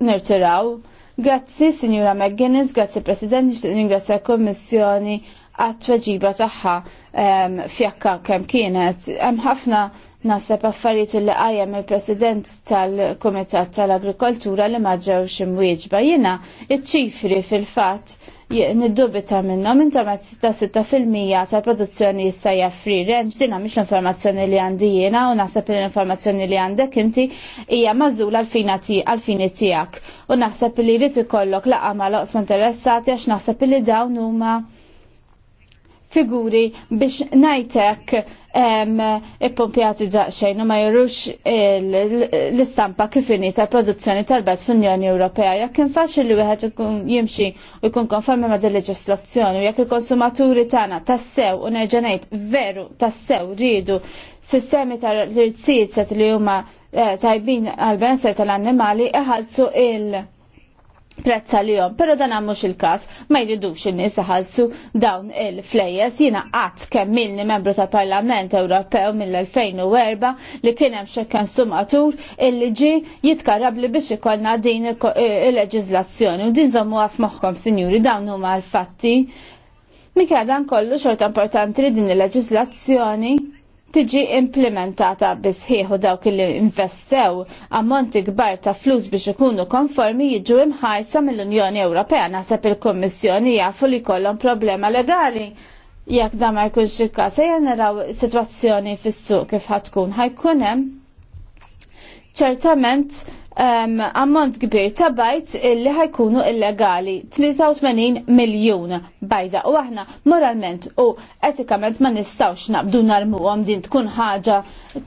nirtiraw. Grazzi, Signora McGuinness, grazzi President, nixtieq ringrazzja l-Kommissjoni għat-tweġiba tagħha fjakka kemm kienet. Hemm ħafna Naseb affarijiet li qajjem il-President tal-Kumitat tal-Agrikoltura li ma ġewx imwieġba. iċ-ċifri fil-fatt niddubita minnom inta ma 6% tal-produzzjoni jissajja free range dina mish l-informazzjoni li għandi jiena u naħseb li l-informazzjoni li għandek inti hija mażula għal-fini tiegħek u naħseb li jrid ikollok laqa ma' loqs interessati għax naħseb li dawn huma figuri biex najtek ippompjati daqxejn u ma jirrux l-istampa kifini tal produzzjoni tal-bet fl-Unjoni Ewropea. Jekk infax li wieħed jimxi u jkun konformi ma' dil-leġislazzjoni u jekk il-konsumaturi tagħna tassew u nerġanajt veru tassew ridu sistemi tal-irtsiet li huma eh, tajbin għal-benessaj tal-annimali iħallsu il- prezza li jom, pero dan għammux il każ ma jridux in-nies iħallsu dawn il-flejjes jiena qatt kemm milni membru tal-Parlament Ewropew mill-2004 li kien hemm sumatur il-liġi ġi jitkarab li biex ikollna din eh, il-leġiżlazzjoni u din għaf moħkom, sinjuri dawn huma l-fatti. Mikra dan kollu xorta importanti li din il leġizlazzjoni tiġi implementata ħieħu dawk li investew ammonti kbar ta' flus biex ikunu konformi jiġu imħarsa mill-Unjoni Ewropea. Naħseb il-Kommissjoni jafu li kollhom problema legali. Jekk da ma jkunx il-każ, ejja naraw sitwazzjoni fis-suq kif ħatkun ħajkun hemm ċertament um, ammont kbir ta' bajt illi ħajkunu illegali 83 miljun bajda u aħna moralment u etikament ma nistawx naqbdu narmu għom din tkun ħaġa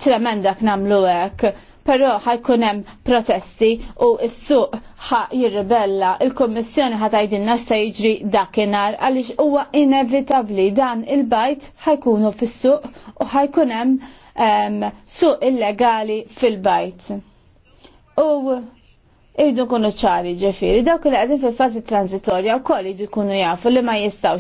tremenda k'namlu hekk. Però ħajkun hemm protesti u s-suq ħa jirribella il-Kommissjoni ħatajdilna x'ta jiġri dakinhar għaliex huwa inevitabbli dan il-bajt ħajkunu fis-suq u ħajkun hemm um, suq illegali fil-bajt. U irridu kunu ċari ġefiri, dawk li għadin fil fazi transitorja u koll irridu kunu jafu li ma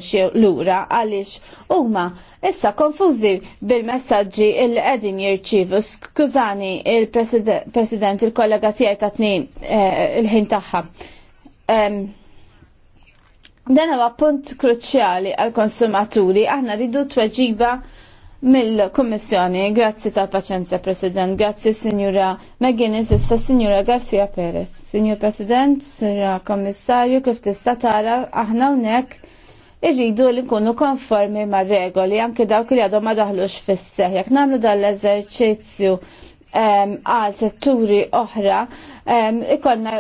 xie l-ura għalix huma issa konfuzi bil-messagġi il qegħdin jirċivu. Skużani il-president il-kollega tiegħi ta' tnejn eh, il-ħin tagħha. Dan huwa punt kruċjali għal konsumaturi, aħna rridu tweġiba mill-Kommissjoni, grazzi tal paċenza President, grazzi Signora McGuinness, issa Signora Garcia Perez. Signor President, Signora Kommissarju, kif tista tara, aħna unnek irridu li nkunu konformi ma' regoli, anke dawk li għadhom ma daħlux fis-seħ. Jekk nagħmlu dal-eżerċizzju għal setturi oħra, ikonna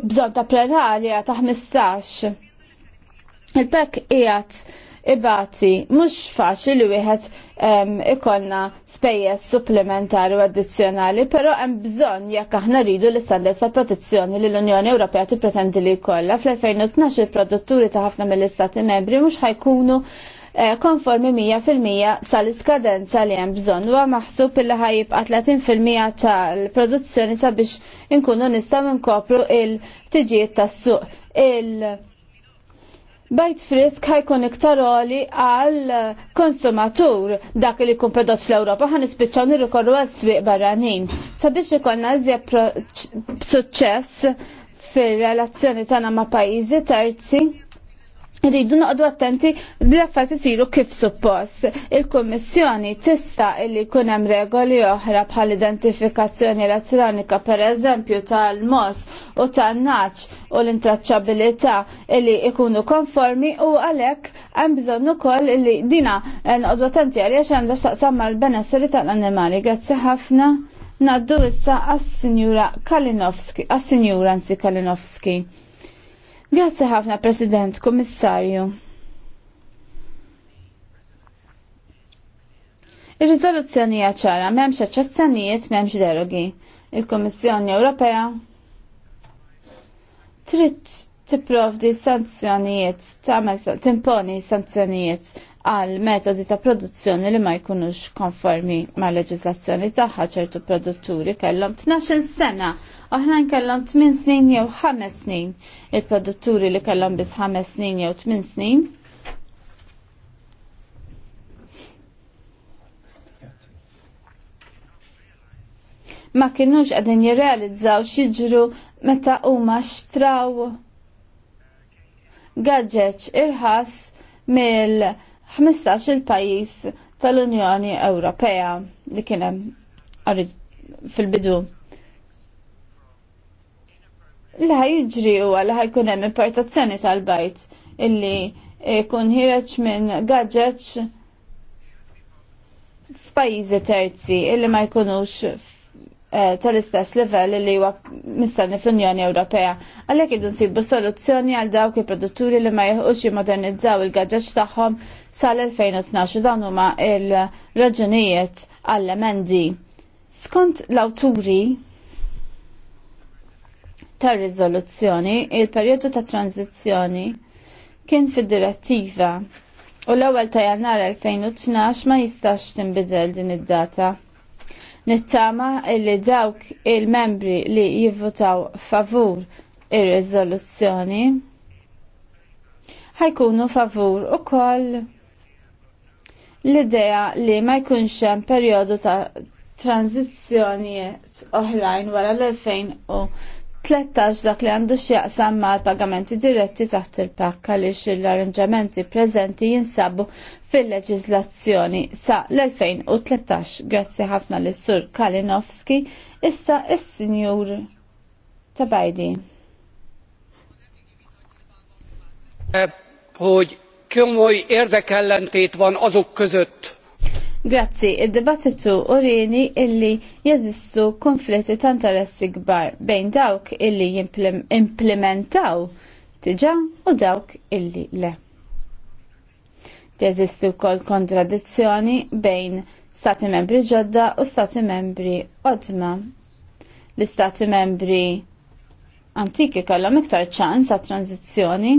bżonn ta' plenarja ta' 15. Il-pek qiegħed ibati mhux faċli li wieħed ikollna spejjeż supplementari u addizzjonali, però hemm bżonn jekk aħna rridu l-istandards ta' protezzjoni li l-Unjoni Ewropea tippretendi li jkollha. Fl-2012 il-produtturi ta' ħafna mill-istati membri mhux ħajkunu eh, konformi 100% sal-iskadenza li hemm bżonn huwa maħsub illi ħajibqa' 30% tal-produzzjoni sabiex inkunu nistgħu nkopru il-tiġijiet tas-suq il-, -tiġiet tas il bajt frisk ħajkun iktar oli għal konsumatur dak li kun pedot fl-Europa ħan ispiċċaw nirrikorru għal swieq barranin. Sabiex ikonna iżjed suċċess fir-relazzjoni tagħna ma' pajjiżi terzi Rridu noqdu attenti bl-affat isiru kif suppost. Il-Kommissjoni tista' illi jkun hemm regoli oħra bħal identifikazzjoni elettronika per eżempju tal-mos u tan-naċ u l-intraċċabilità illi ikunu konformi u għalhekk hemm bżonn ukoll illi dina eh, noqdu attenti għaliex għandha x'taqsam mal-benesseri tal-annimali. Grazzi ħafna. Naddu issa għas-Sinjura Kalinowski, għas-Sinjura Nsi Kalinowski. Grazzi ħafna, President, Kommissarju. Ir-riżoluzzjoni hija ċara, m'hemmx eċċezzjonijiet, m'hemmx derogi. Il-Kummissjoni Ewropea trid tipprovdi sanzjonijiet, tagħmel timponi sanzjonijiet għal metodi ta' produzzjoni li ma jkunux konformi ma' leġislazzjoni tagħha ċertu produtturi kellhom 12 sena aħna nkellhom 8 snin jew 5 snin il-produtturi li kellhom biss 5 snin jew 8 snin. Ma kienux qegħdin jirrealizzaw x'jiġru meta huma xtraw gadget irħas mill-15 il-pajjiż tal-Unjoni Ewropea li kien hemm fil-bidu li ħajġri u għal ħajkun hemm importazzjoni tal-bajt illi jkun ħireġ minn gadgets f'pajjiżi terzi illi ma jkunux eh, tal-istess livell li huwa mistenni fl-Unjoni Ewropea. Għalhekk idu nsibu soluzzjoni għal dawk il-produtturi li ma jħuġ jimmodernizzaw il-gadġeġ tagħhom sal-2012 dan huma il-raġunijiet għall-emendi. Skont l-awturi tar riżoluzzjoni il-perjodu ta' tranzizzjoni kien fid-direttiva u l-ewwel ta' Jannar 2012 ma jistax tinbidel din id-data. Nittama illi dawk il-membri li jivvotaw favur ir-riżoluzzjoni ħajkunu favur ukoll l-idea li ma jkunx hemm perjodu ta' tranzizzjonijiet oħrajn wara l 2012 Tlettax dak li għandu x'jaqsam l pagamenti diretti taħt il-pakk għaliex l-arranġamenti prezenti jinsabu fil-leġiżlazzjoni sa l-2013. Grazzi ħafna l sur Kalinowski, issa il sinjur Tabajdi. Eh, hogy komoly érdekellentét van azok között, Grazzi, id-dibattitu urini illi jeżistu konflitti ta' interessi kbar bejn dawk illi implementaw tiġa u dawk illi le. Jeżistu kol kontradizzjoni bejn stati membri ġodda u stati membri odma. L-istati membri antiki kollha iktar ċans sa' tranzizzjoni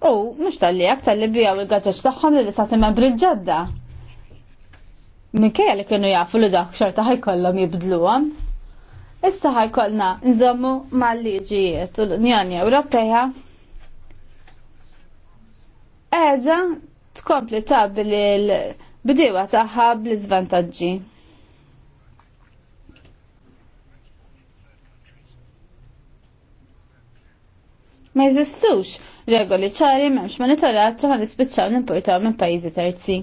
U mhux tal-li aktar li u il-gaġġeġ tagħhom li tagħti membri l-ġodda. Mikkeja li kienu jafu li dak xorta ħajkollhom jibdluhom. Issa ħajkollna nżommu mal-liġijiet u l-Unjoni Ewropea qiegħda tkompli tabli l bdiwa tagħha bl-iżvantaġġi. ma jizistux regoli ċari m'hemmx monitorat ħan nispiċċaw nimportaw minn pajjiżi terzi.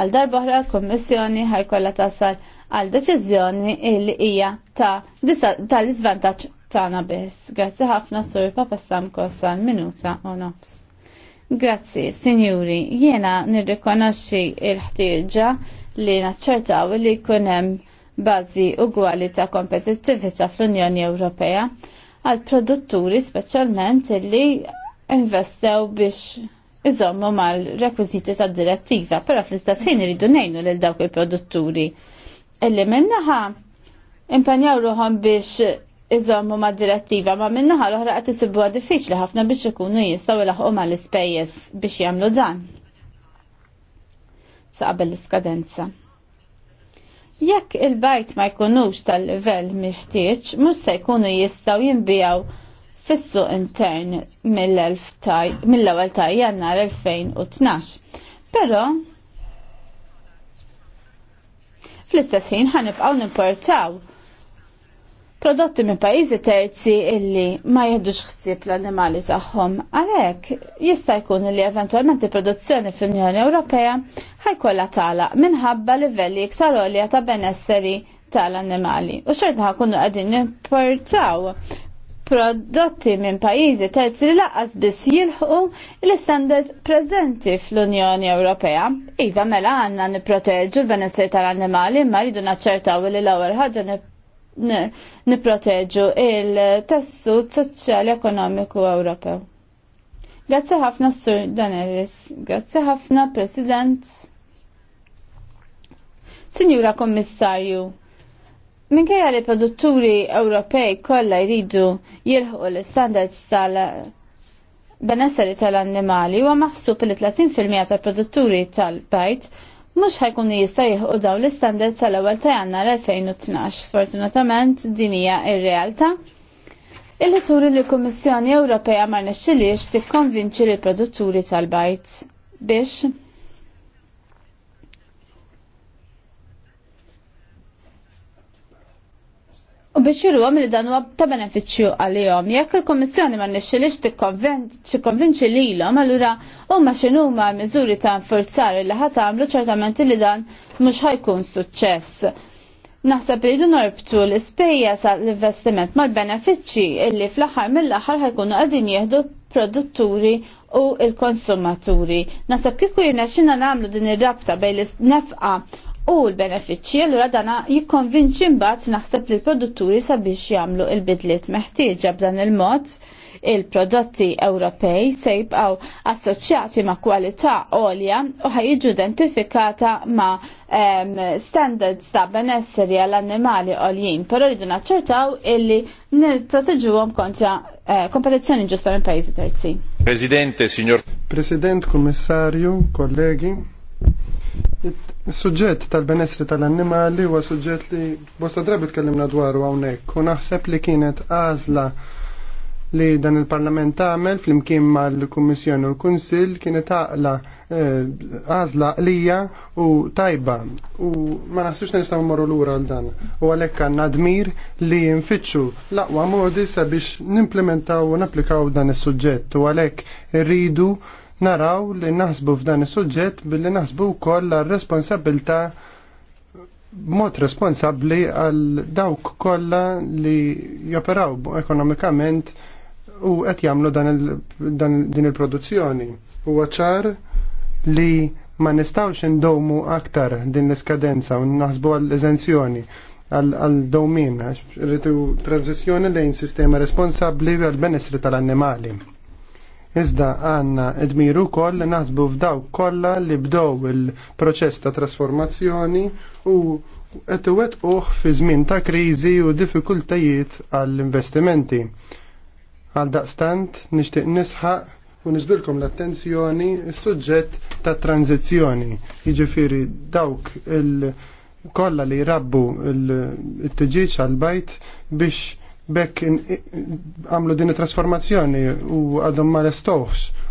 Għal darba oħra l-Kummissjoni ħajkollha tasal għal deċiżjoni li hija ta' tal-iżvantaġġ tagħna biss. Grazzi ħafna sur Papastam Kossan minuta u nofs. Grazzi, sinjuri, jiena nirrikonoxxi il-ħtieġa li naċċertaw li jkun hemm bażi ugwali ta' kompetittività fl-Unjoni Ewropea għal produtturi speċjalment li investew biex iżommu mal-rekwiziti ta' direttiva, pero fl-istess ħin iridu nejnu lil dawk il-produtturi. Illi minnaħa impenjaw ruħom biex iżommu ma' direttiva, ma' minnaħa l-oħra qed isibuha diffiċli ħafna biex ikunu jistgħu ma' mal-ispejjeż biex jagħmlu dan. Sa qabel l-iskadenza. Jekk il-bajt ma jkunux tal-livell miħtieġ, mhux se jkunu jistgħu jimbijaw fissu intern mill-ewwel ta' jannar 2012. Però fl-istess ħin ħanibqgħu nimportaw prodotti minn pajjiżi terzi illi ma jieħdux ħsieb l-annimali tagħhom. Għalhekk jista' jkun li eventualment il-produzzjoni fl-Unjoni Ewropea ħajkollha tagħlaq minħabba livelli iktar għolja ta' benesseri tal-annimali. U xorta ħakunu għadin nimportaw prodotti minn pajjiżi terzi li laqqas biss jilħqu l-istandard preżenti fl-Unjoni Ewropea. Iva mela għandna nipproteġu l-benessir tal-annimali imma rridu naċċertaw li l-ewwel ħaġa nipproteġu il-tessut soċjali ekonomiku Ewropew. Grazzi ħafna Sur Danelis, grazzi ħafna President, Sinjura Kommissarju. Minkejja li produtturi Ewropej kollha jridu jilħu l-standards tal benesseri tal-annimali huwa maħsub li 30% tal-produtturi tal-bajt mhux ħajkunu jista' jilħu daw l istandards tal-ewwel ta' jannar 2012. Sfortunatament din hija r-realtà. Illi turi li l-Kummissjoni Ewropea ma rnexxilix tikkonvinċi li produtturi tal-bajt biex U biex juru li dan huwa ta' beneficju għalihom. Jekk il komissjoni ma nixxilix tikkonvinċi l allura huma u ma miżuri ta' forzar li ħat għamlu ċertament li dan mhux ħajkun suċċess. Naħseb li norbtu l-ispejja l investiment mal-benefiċċji illi fl-aħħar mill-aħħar ħajkunu għadin jihdu produtturi u il-konsumaturi. Naħseb kiku jirna xina namlu din ir-rabta bejn l-nefqa u l-benefiċċji allura dana jikkonvinċi mbagħad naħseb li l-produtturi sabiex jagħmlu l-bidliet meħtieġa b'dan il-mod il-prodotti Ewropej se jibqgħu assoċjati ma' kwalità għolja u ħajġu identifikata ma' um, standards ta' benesseri għall-annimali għoljin, però rridu naċċertaw illi nipproteġuhom kontra eh, kompetizzjoni ġusta minn pajjiżi terzi. Presidente, signor President, Kummissarju, kollegi, Is-suġġett tal-benessri tal-annimali huwa suġġett li bosta drabi tkellimna dwaru hawnhekk u naħseb li kienet għażla li dan il-Parlament għamel fl-imkien mal-Kummissjoni u l-Kunsill kienet għaqla eh, għażla qlija u tajba u ma naħsibx nistgħu mmorru lura għal dan. U għalhekk għandna dmir li nfittxu l-aqwa modi sabiex nimplementaw u napplikaw dan is-suġġett u għalhekk rridu naraw li naħsbu f'dan is-suġġett billi naħsbu wkoll għar-responsabilità mod responsabbli għal dawk kollha li joperaw ekonomikament u qed jagħmlu dan, dan din il-produzzjoni. Huwa ċar li ma nistawx indomu aktar din l-iskadenza u naħsbu għall-eżenzjoni għal-dowmin, għax rritu tranzizjoni lejn sistema responsabli għal-benessri tal-annimali. Iżda għanna edmiru koll li naħsbu f'daw kollha li bdow il-proċess ta' trasformazzjoni u qed uħ fi żmien ta' kriżi u diffikultajiet għall-investimenti. Għal daqstant nixtieq nisħaq u nizbilkom l-attenzjoni s-suġġett ta' tranzizjoni. Jiġifieri dawk il- kolla li rabbu il-tġiċ għal-bajt biex bekk għamlu din it-trasformazzjoni u għadhom ma l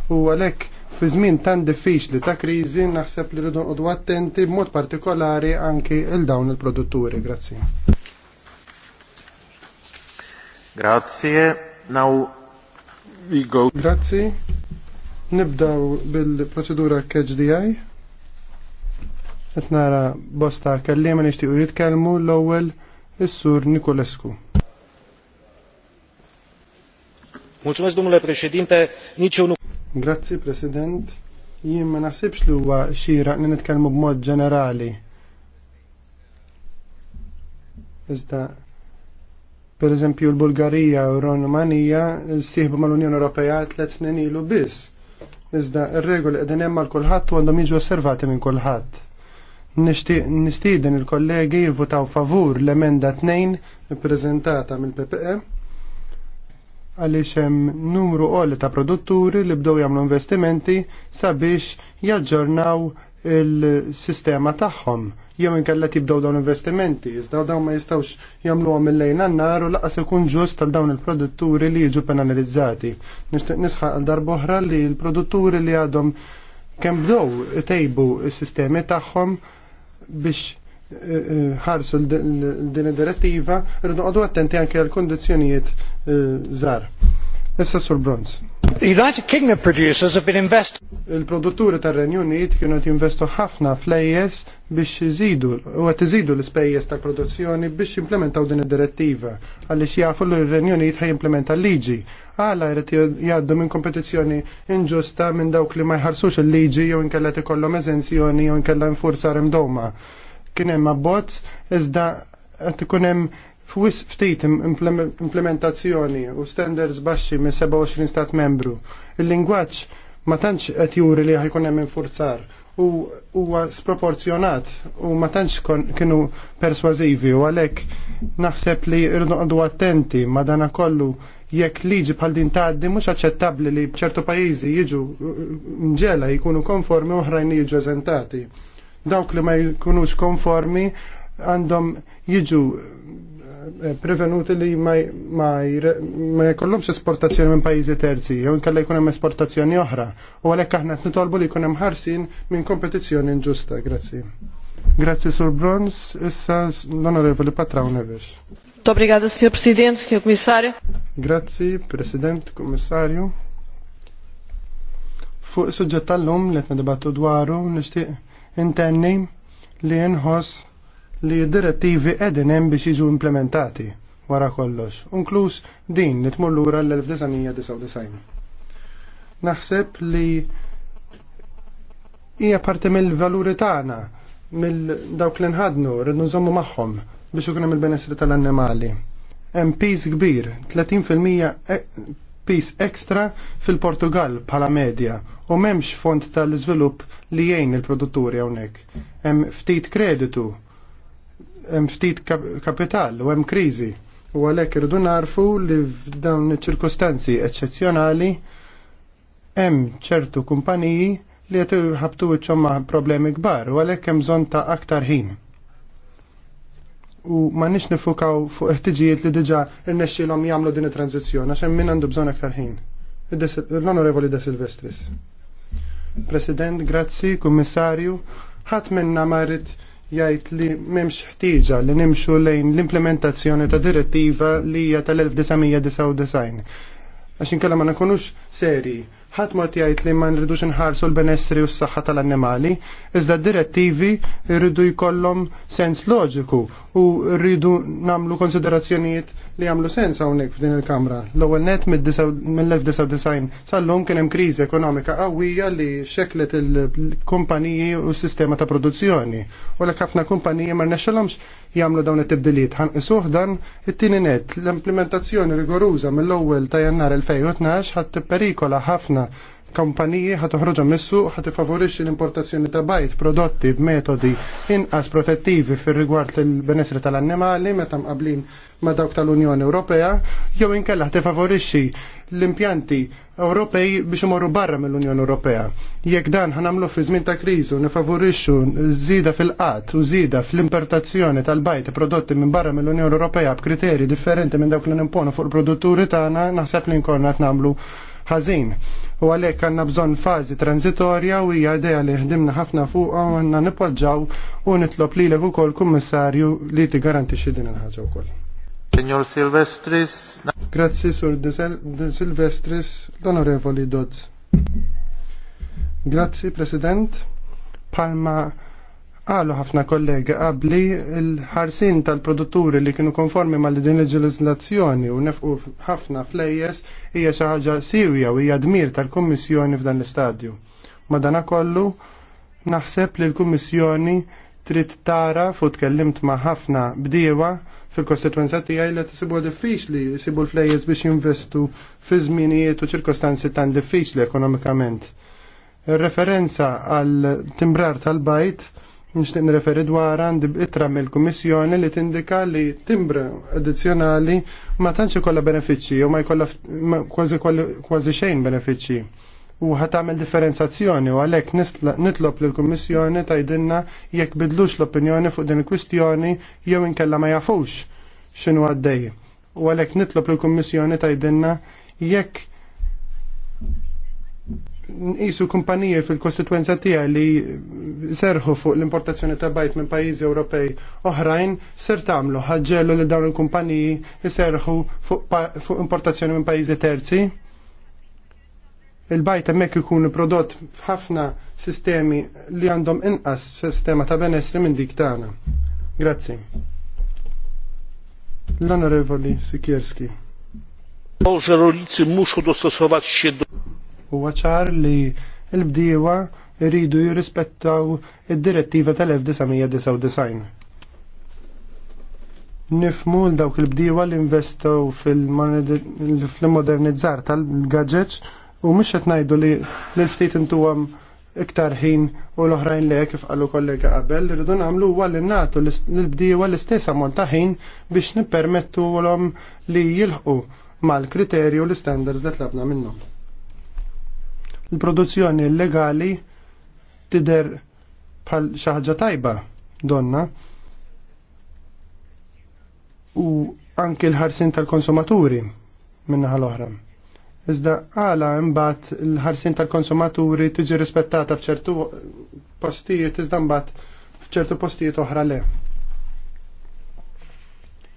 u għalhekk fi żmien tan diffiċli ta' kriżi naħseb li rridu nqogħdu attenti b'mod partikolari anki il dawn il-produtturi. Grazzi. Grazie. Now we go. Grazzi. Nibdaw bil-proċedura KHDI. Qed nara bosta kelliem nixtiequ jitkellmu l-ewwel is-sur Nikolescu. Mulțumesc, domnule președinte, Grazie, president. Jien ma naħsibx li huwa xira li nitkellmu b'mod ġenerali. Iżda per eżempju l-Bulgarija u r-Romanija sieħbu mal-Unjoni Ewropea tliet snin ilu biss. Iżda r-regoli qegħdin hemm għal kulħadd u għandhom jiġu osservati minn kulħadd. Nistieden il-kollegi votaw favur l-emenda 2 ippreżentata mill-PPE għaliex hemm numru qoli ta' produtturi li bdew jagħmlu investimenti sabiex jaġġornaw il-sistema tagħhom. Jew inkella tibdew dawn investimenti, iżda dawn ma jistgħux jagħmluhom il-lejn għan-nar u laqas ikun ġust tal dawn il-produtturi li jiġu penalizzati. Nixtieq nisħaq għal darb'oħra li l-produtturi li għadhom kemm bdew tejbu s-sistemi tagħhom biex ħarsu din id-direttiva, rridu għadu attenti anke għal kondizjonijiet eh, żgħar. Issa sur bronz. United Kingdom producers have been invested. Il-produtturi tar-Renju Unit kienu qed jinvestu ħafna flejjes biex jizidu, u qed iżidu l-ispejjeż tal-produzzjoni biex jimplementaw din id-direttiva għaliex jafu li r-Renju Unit jimplementa l-liġi. Għala jrid jgħaddu minn kompetizzjoni inġusta minn dawk li ma jħarsux il-liġi jew inkella ikollhom eżenzjoni jew inkella nfurzar imdowma kien hemm abbozz iżda qed ikun hemm ftit implementazzjoni u standards baxxi minn 27 stat membru. Il-lingwaġġ ma tantx qed juri li ħajkun hemm infurzar u huwa sproporzjonat u ma tantx kienu persważivi u għalhekk naħseb li rnoqdu attenti ma dana kollu jekk liġi bħal din tgħaddi mhux aċċettabbli li b'ċertu pajjiżi jiġu mġela jkunu konformi oħrajn jiġu eżentati. Dawk li ma jkunux konformi għandhom jiġu eh, prevenuti li ma jkollhomx esportazzjoni minn pajjiżi terzi, jew inkella jkun hemm esportazzjoni oħra. U għalhekk aħna qed nitolbu li jkun hemm ħarsin minn kompetizzjoni inġusta, grazzi. Grazzi Sur Brons, issa l-Onorevoli Patraw Neves. Dobrigada, Sr. Presidente, Signor Commissario. Grazzi, President, Commissario. Fuq suġġett tal-lum li qed nibattu dwaru nixtieq intenni li nħoss li d-direttivi edin hemm biex jiġu implementati wara kollox, inkluż din li tmur lura l-1999. Naħseb li hija parti mill-valuri tagħna mill-dawk li nħadnu, rridu nżommu magħhom biex ukun hemm il-benessri tal-annimali. piż kbir, 30% pis ekstra fil-Portugal bħala medja u memx fond tal iżvilupp li jgħin il-produtturi hawnhekk. Hemm ftit kreditu, hemm ftit kap kapital u hemm kriżi. U għalhekk irridu narfu li f'dawn iċ-ċirkustanzi eċċezzjonali hemm ċertu kumpaniji li qed ħabtu wiċċhom ma' problemi kbar u għalhekk hemm bżonn ta' aktar ħin u ma nix nifukaw fuq ħtiġijiet li diġa l-om jagħmlu din it-tranzizzjoni għax hemm min għandu bżonn aktar ħin. L-Onorevoli De Silvestris. President, grazzi, kummissarju, ħadd minna marit jajt li m'hemmx ħtieġa li nimxu lejn l-implementazzjoni ta' direttiva li hija tal-1999. Għax kalla ma nakonux seri ħadd ma jgħid li ma nridux nħarsu l-benessri u s-saħħa tal-annimali, iżda d-direttivi rridu jkollhom sens loġiku u rridu nagħmlu konsiderazzjonijiet li jagħmlu sens hawnhekk f'din il-Kamra. L-ewwel net mill-1990 sal-lum kien hemm kriżi ekonomika qawwija li xeklet il-kumpaniji u s-sistema ta' produzzjoni. U l ħafna kumpaniji ma rnexxilhomx jagħmlu dawn it-tibdiliet. Ħanqisuh dan it-tieni net l-implementazzjoni rigoruża mill-ewwel ta' Jannar 2012 ħadd tipperikola ħafna ħafna kampaniji ħat uħroġa missu ħat favorixxi l-importazzjoni ta' bajt prodotti b'metodi inqas protettivi fir rigward il-benessri tal-annimali meta mqablin ma' dawk tal-Unjoni Ewropea jew inkella ħat favorixxi l-impjanti Ewropej biex imorru barra mill-Unjoni Ewropea. Jekk dan ħanamlu fi żmien ta' kriżu nifavorixxu żida fil-qatt u żida fl-importazzjoni tal-bajt prodotti minn barra mill-Unjoni Ewropea b'kriterji differenti minn dawk li nimponu fuq il-produtturi tagħna naħseb li nkollna qed nagħmlu ħażin u għalhekk għandna bżonn fażi transitorja u hija idea li ħdimna ħafna fuq u għanna nipoġġaw u nitlob lilek ukoll kummissarju li tigarantixxi din il-ħaġa wkoll. Signor Silvestris. Grazzi Sur De Silvestris, l-Onorevoli Dodz. Grazzi President. Palma Għalu ħafna kollega għabli l-ħarsin tal-produtturi li kienu konformi mal din il-ġelizlazzjoni u nefqu ħafna flejjes hija xi ħaġa sirja u hija dmir tal-Kummissjoni f'dan l-istadju. Madana kollu naħseb li l-Kummissjoni trid tara fu tkellimt ma' ħafna bdiewa fil-kostituenza tiegħi li tisibu diffiċli jsibu l-flejjes biex jinvestu fi żminijiet u ċirkostanzi tan diffiċli ekonomikament. il referenza għal timbrar tal-bajt nixtieq nreferi dwar għandi b'itra mill-Kummissjoni li tindika li timbra addizzjonali ma tantx ikollha benefiċċji u ma jkollha kważi kważi xejn benefiċċji u tagħmel differenzazzjoni u għalhekk nitlob lill kummissjoni tajdinna jekk bidlux l-opinjoni fuq din il-kwistjoni jew inkella ma jafux x'inhu għaddej. U għalhekk nitlob lill kummissjoni tajdinna jekk nqisu kumpanije fil-kostituenza tiegħi li serħu fuq l-importazzjoni ta' bajt minn pajjiżi Ewropej oħrajn ser tamlu ħagġellu li dawn il-kumpaniji serħu fuq, importazzjoni minn pajjiżi terzi. Il-bajt hemmhekk ikun prodott f'ħafna sistemi li għandhom inqas sistema ta' benessri minn dik tagħna. Grazzi. L-Onorevoli Sikierski. Huwa ċar li l-bdiewa rridu jirrispettaw id-direttiva tal-1999. Nifmu l dawk il-bdiewa li investaw fil-modernizzar tal-gadgets u mhux qed ngħidu li l-ftit intuhom iktar ħin u l-oħrajn li kif qalu kollega qabel li rridu nagħmlu huwa li nagħtu l-bdiewa l-istess ammont ta' ħin biex nippermettu l li jilħqu mal-kriterju l-standards li tlabna minnhom. Il-produzzjoni illegali tider bħal xi ħaġa tajba donna u anki l-ħarsin tal-konsumaturi minna l-oħra. Iżda għala imbat l-ħarsin tal-konsumaturi tiġi rispettata f'ċertu postijiet iżda mbagħad f'ċertu postijiet oħra le.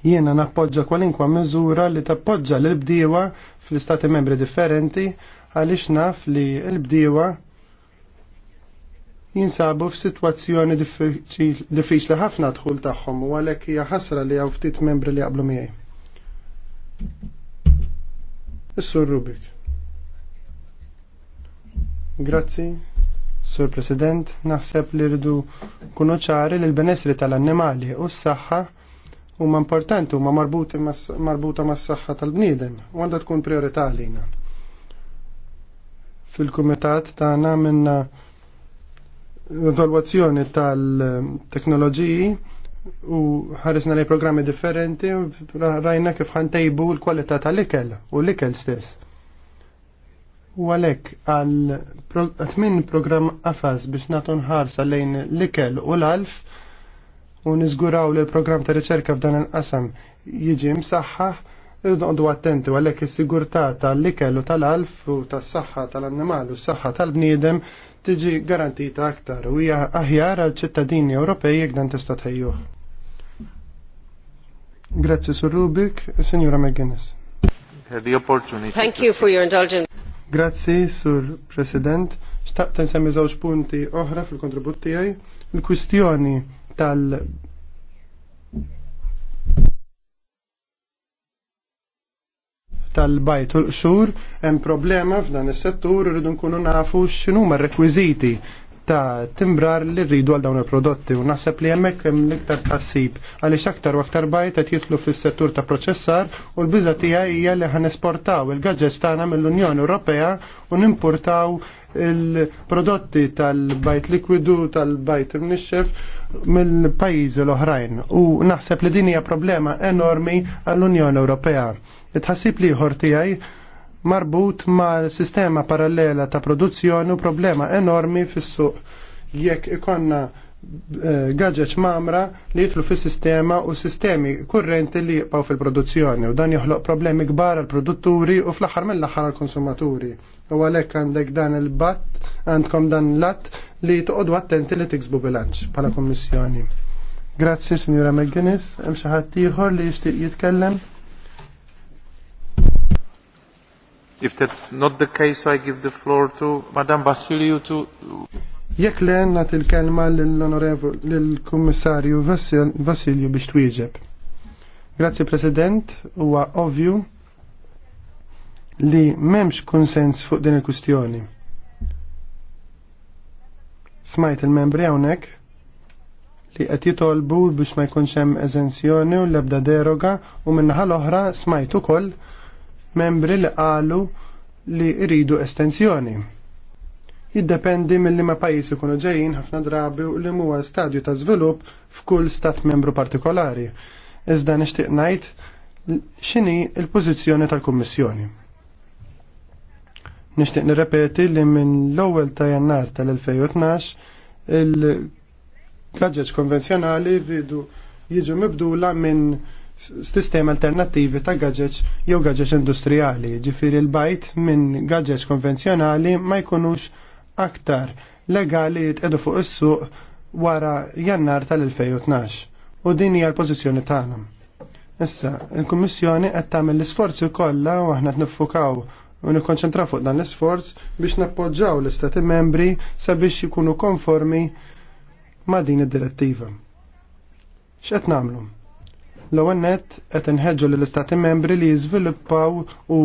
Jiena nappoġġa kwalinkwa miżura li tappoġġa l bdiewa fl-istati membri differenti għaliex naf li l-bdiewa jinsabu f'sitwazzjoni diffiċli ħafna tħul tagħhom u għalhekk hija ħasra li hawn ftit membri li għablu miegħi. Is-Sur Rubik. Grazzi, Sur President, naħseb li rridu kunu ċari li l-benessri tal-annimali u s-saħħa huma importanti huma marbuta mas-saħħa tal-bniedem u għandha tkun priorità għalina fil-kumitat tagħna minna evalwazzjoni tal-teknoloġiji u ħarisna li programmi differenti rajna kif ħantejbu l-kwalità tal-ikel u l-ikel stess. U għalek għal min program għafas biex natun ħarsa lejn l-ikel u l-alf u nizguraw li l-program ta' riċerka f'dan il-qasam jiġi msaħħa. Irridu għandu attenti għalhekk is-sigurtà tal-ikel u tal-alf u tas-saħħa tal-annimal u s-saħħa tal-bniedem tiġi garantita aktar u hija aħjar għal ċittadini Ewropej jekk dan tista' tħejjuh. Grazzi Sur Rubik, Signora McGuinness. Thank you for your indulgence. Grazzi Sur President. Xtaqt nsemmi żewġ punti oħra fil-kontribut tiegħi. Il-kwistjoni tal- tal-bajt u l-qsur, hemm problema f'dan is-settur iridu nkunu nafu x'inhuma r-rekwiżiti ta' timbrar li rridu għal dawn il-prodotti u naħseb li hemmhekk hemm l-iktar tassib għaliex aktar u aktar bajt qed jitlu fis-settur ta' proċessar u l-biża tiegħi hija li esportaw il-gaġġeġ tagħna mill-Unjoni Ewropea u nimportaw il-prodotti tal-bajt likwidu tal-bajt mnixxef mill-pajjiżi l-oħrajn u naħseb li din hija problema enormi għall-Unjoni Ewropea It-ħassib liħor tiegħi marbut ma' sistema parallela ta' produzzjoni u problema enormi fis-suq jekk ikonna eh, gadget mamra li jitlu fis sistema u sistemi kurrenti li jibqaw fil-produzzjoni u dan joħloq problemi kbar għal produtturi u fl-aħħar mill-aħħar għal konsumaturi. U għalhekk għandek dan il-batt, għandkom dan l-att li toqgħodu attenti li tiksbu bilanċ bħala Kummissjoni. Grazzi, Signora McGuinness. Hemm xi ħadd ieħor li jixtieq jitkellem? If that's not the case, I give the floor to Madame Basiliu to... Jekk le għanna til kelma l-Kummissarju Vassilju biex twieġeb. Grazie President, huwa ovvju li memx konsens fuq din il-kustjoni. Smajt il-membri hawnhekk li qed jitolbu biex ma jkunx hemm eżenzjoni u l-ebda deroga u minnaħal l-oħra smajt ukoll membri li qalu li jridu estensjoni. Jiddependi mill ma pajjiż ikunu ġejjin ħafna drabi u li huwa stadju ta' żvilupp f'kull stat membru partikolari. Iżda nixtieq ngħid x'inhi l-pożizzjoni tal-Kummissjoni. Nixtieq nirrepeti li minn l-ewwel ta' Jannar tal-2012 il-klaġġeġ konvenzjonali rridu jiġu mibdula minn sistemi alternattivi ta' gadgets jew gadgets industrijali, ġifiri l-bajt minn gadgets konvenzjonali ma jkunux aktar legali jitqedu fuq is-suq wara jannar tal-2012. U din hija l-pożizzjoni tagħna. Issa, il-Kummissjoni qed tagħmel l-isforzi kollha u aħna tniffukaw u nikkonċentraw fuq dan l-isforz biex nappoġġaw l-Istati membri sabiex jkunu konformi ma' din id-direttiva. X'qed nagħmlu? L-ewwel qed inħeġġu lill istati membri li jiżviluppaw u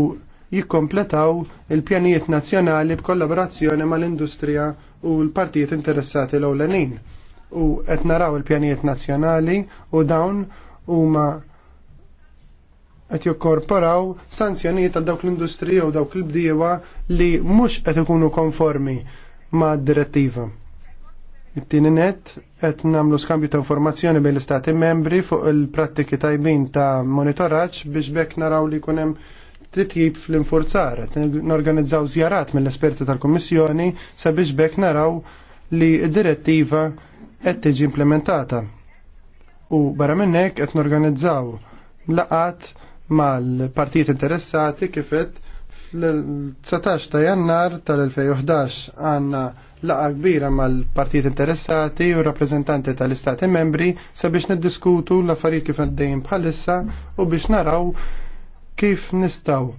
jikkompletaw il-pjanijiet nazzjonali b'kollaborazzjoni mal-industrija u l-partijiet interessati l-ewlenin. U qed naraw il-pjanijiet nazzjonali u dawn huma qed jikkorporaw sanzjonijiet għal dawk l-industrija u dawk l bdiewa li mhux qed ikunu konformi mad direttiva. It-tieni net qed nagħmlu skambju ta' informazzjoni bejn l-istati membri fuq il-prattiki tajbin ta' monitoraġġ biex bekk naraw li jkun hemm titjib fl-infurzar. Norganizzaw zjarat mill-esperti tal kummissjoni sabiex bekk naraw li d direttiva qed tiġi implementata. U barra minnek qed norganizzaw laqat mal-partijiet interessati kifet fl-19 ta' jannar tal-2011 għanna laqa kbira mal-partijiet interessati u rappresentanti tal-istati membri sabiex niddiskutu l-affarijiet kif għaddejjin bħalissa u biex naraw kif nistaw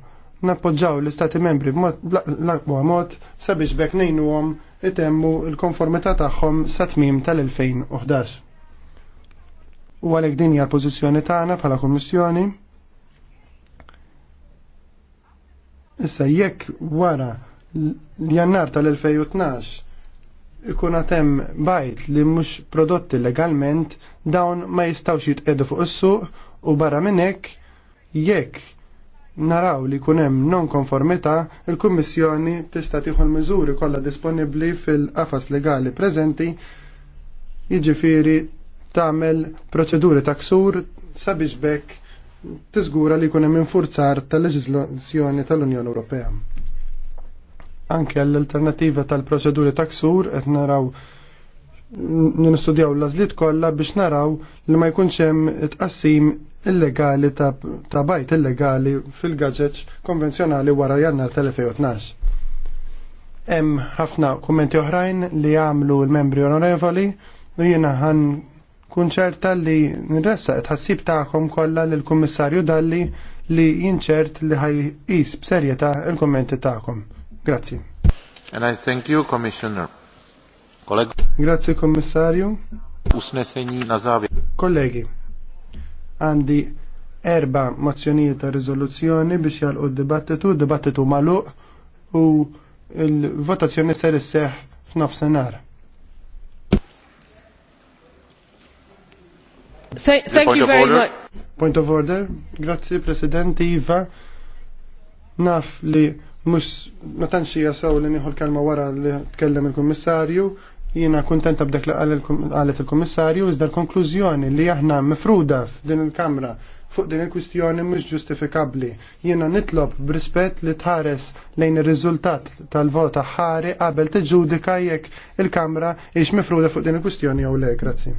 nappoġġaw l-istati membri b'aqwa mod sabiex bekk ngħinuhom itemmu l-konformità tagħhom sa tmiem tal-2011. U għalhekk din hija l-pożizzjoni tagħna bħala Kummissjoni. Issa jekk wara l-jannar tal-2012 ikun għatem bajt li mhux prodotti legalment dawn ma jistawx jitqedu fuq is-suq u barra minn hekk jekk naraw li jkun hemm non konformità il-Kummissjoni tista' tieħu l-miżuri kollha disponibbli fil-qafas legali preżenti jiġifieri tagħmel proċeduri ta' ksur sabiex bekk tiżgura li jkun hemm infurzar tal-leġiżlazzjoni tal-Unjoni Ewropea anke l-alternativa tal-proċeduri taksur qed naraw nistudjaw l-azlit kollha biex naraw li ma jkunx hemm it-qassim illegali ta', ta bajt illegali fil-gaġeċ konvenzjonali wara jannar tal-2012. Hemm ħafna kummenti oħrajn li għamlu l-membri onorevoli u jiena ħan kun ċerta li nressa tħassib tagħkom kollha lill kummissarju Dalli li jinċert li ħaj is b'serjetà il-kummenti tagħkom. Grazzi. And I thank you, Commissioner. Kolleg Grazie, Kommissarju. Usneseni na zavi. Kollegi, għandi erba mozzjonijiet ta' rizoluzzjoni biex jalqu d-dibattitu, dibattitu maluq u il-votazzjoni ser isseħ f'nafsenar. Thank, you very much. Point of order. Grazie, Presidente Iva. Naf li mux ma tantx hija li niħu l-kelma wara li tkellem il-kummissarju, jiena kuntenta b'dak li qalet il-kummissarju, iżda l-konklużjoni li aħna mifruda f'din il-Kamra fuq din il-kwistjoni mhux ġustifikabbli. Jiena nitlob b'rispett li tħares lejn ir-riżultat tal-vota ħari qabel tiġġudika jekk il-Kamra iġ mifruda fuq din il-kwistjoni jew le, grazzi.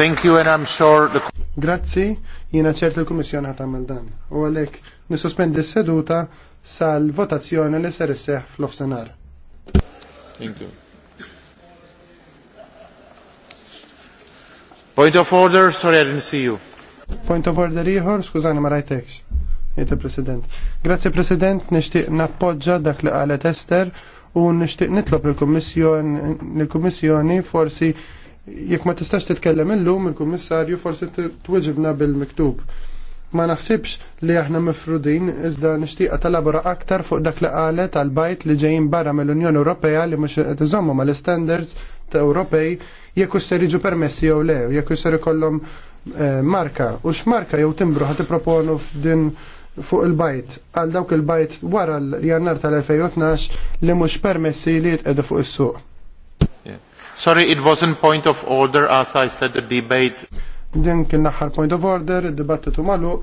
Thank you and I'm sure the... Grazzi, jiena ċert il-Kummissjoni ħatamel dan. U għalek, Nisospendi s-seduta sal-votazzjoni li ser isseħ fl-ofsenar. Point of order, sorry I didn't see you. Point of order Ihor, skużani ma rajtekx. Jieta President. Grazie President, nishtiq nappoġġa dak li qalet Ester u nishtiq nitlob l-Kummissjoni forsi jekk ma tistax titkellem illum il-Kummissarju forsi twiġibna bil-miktub ma naħsibx li aħna mifrudin iżda nixtieqa talabora aktar fuq dak li qalet għal bajt li ġejjin barra mill-Unjoni Ewropea li mhux qed iżommu mal-standards ta' Ewropej jekk ser jiġu permessi jew le, jekk ser ikollhom eh, marka u x'marka jew timbru ħad tipproponu f'din fuq il-bajt għal dawk il-bajt wara l-jannar tal-2012 li mhux permessi li jitqedu fuq is-suq. Sorry, it wasn't point of order as I said the debate. Din kien l point of order, id-dibattitu malu.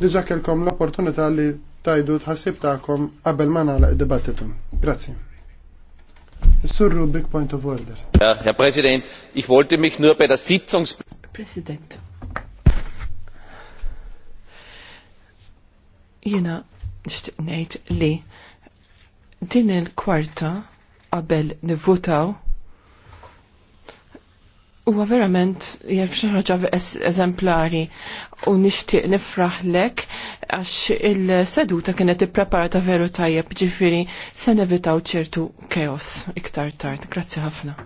Diġa kelkom l-opportunità li tajdu tħassib tagħkom qabel ma nagħlaq id-dibattitu. Grazzi. Surru big point of order. Ja, Herr President, ich wollte mich nur bei der Sitzungs... President. Jena, nxtiqnejt li din il-kwarta qabel nivvutaw Huwa verament jaf xi ħaġa eżemplari u nixtieq nifraħlek għax il-seduta kienet ippreparata veru tajjeb ġifieri se nevitaw ċertu keos iktar tard. Grazzi ħafna.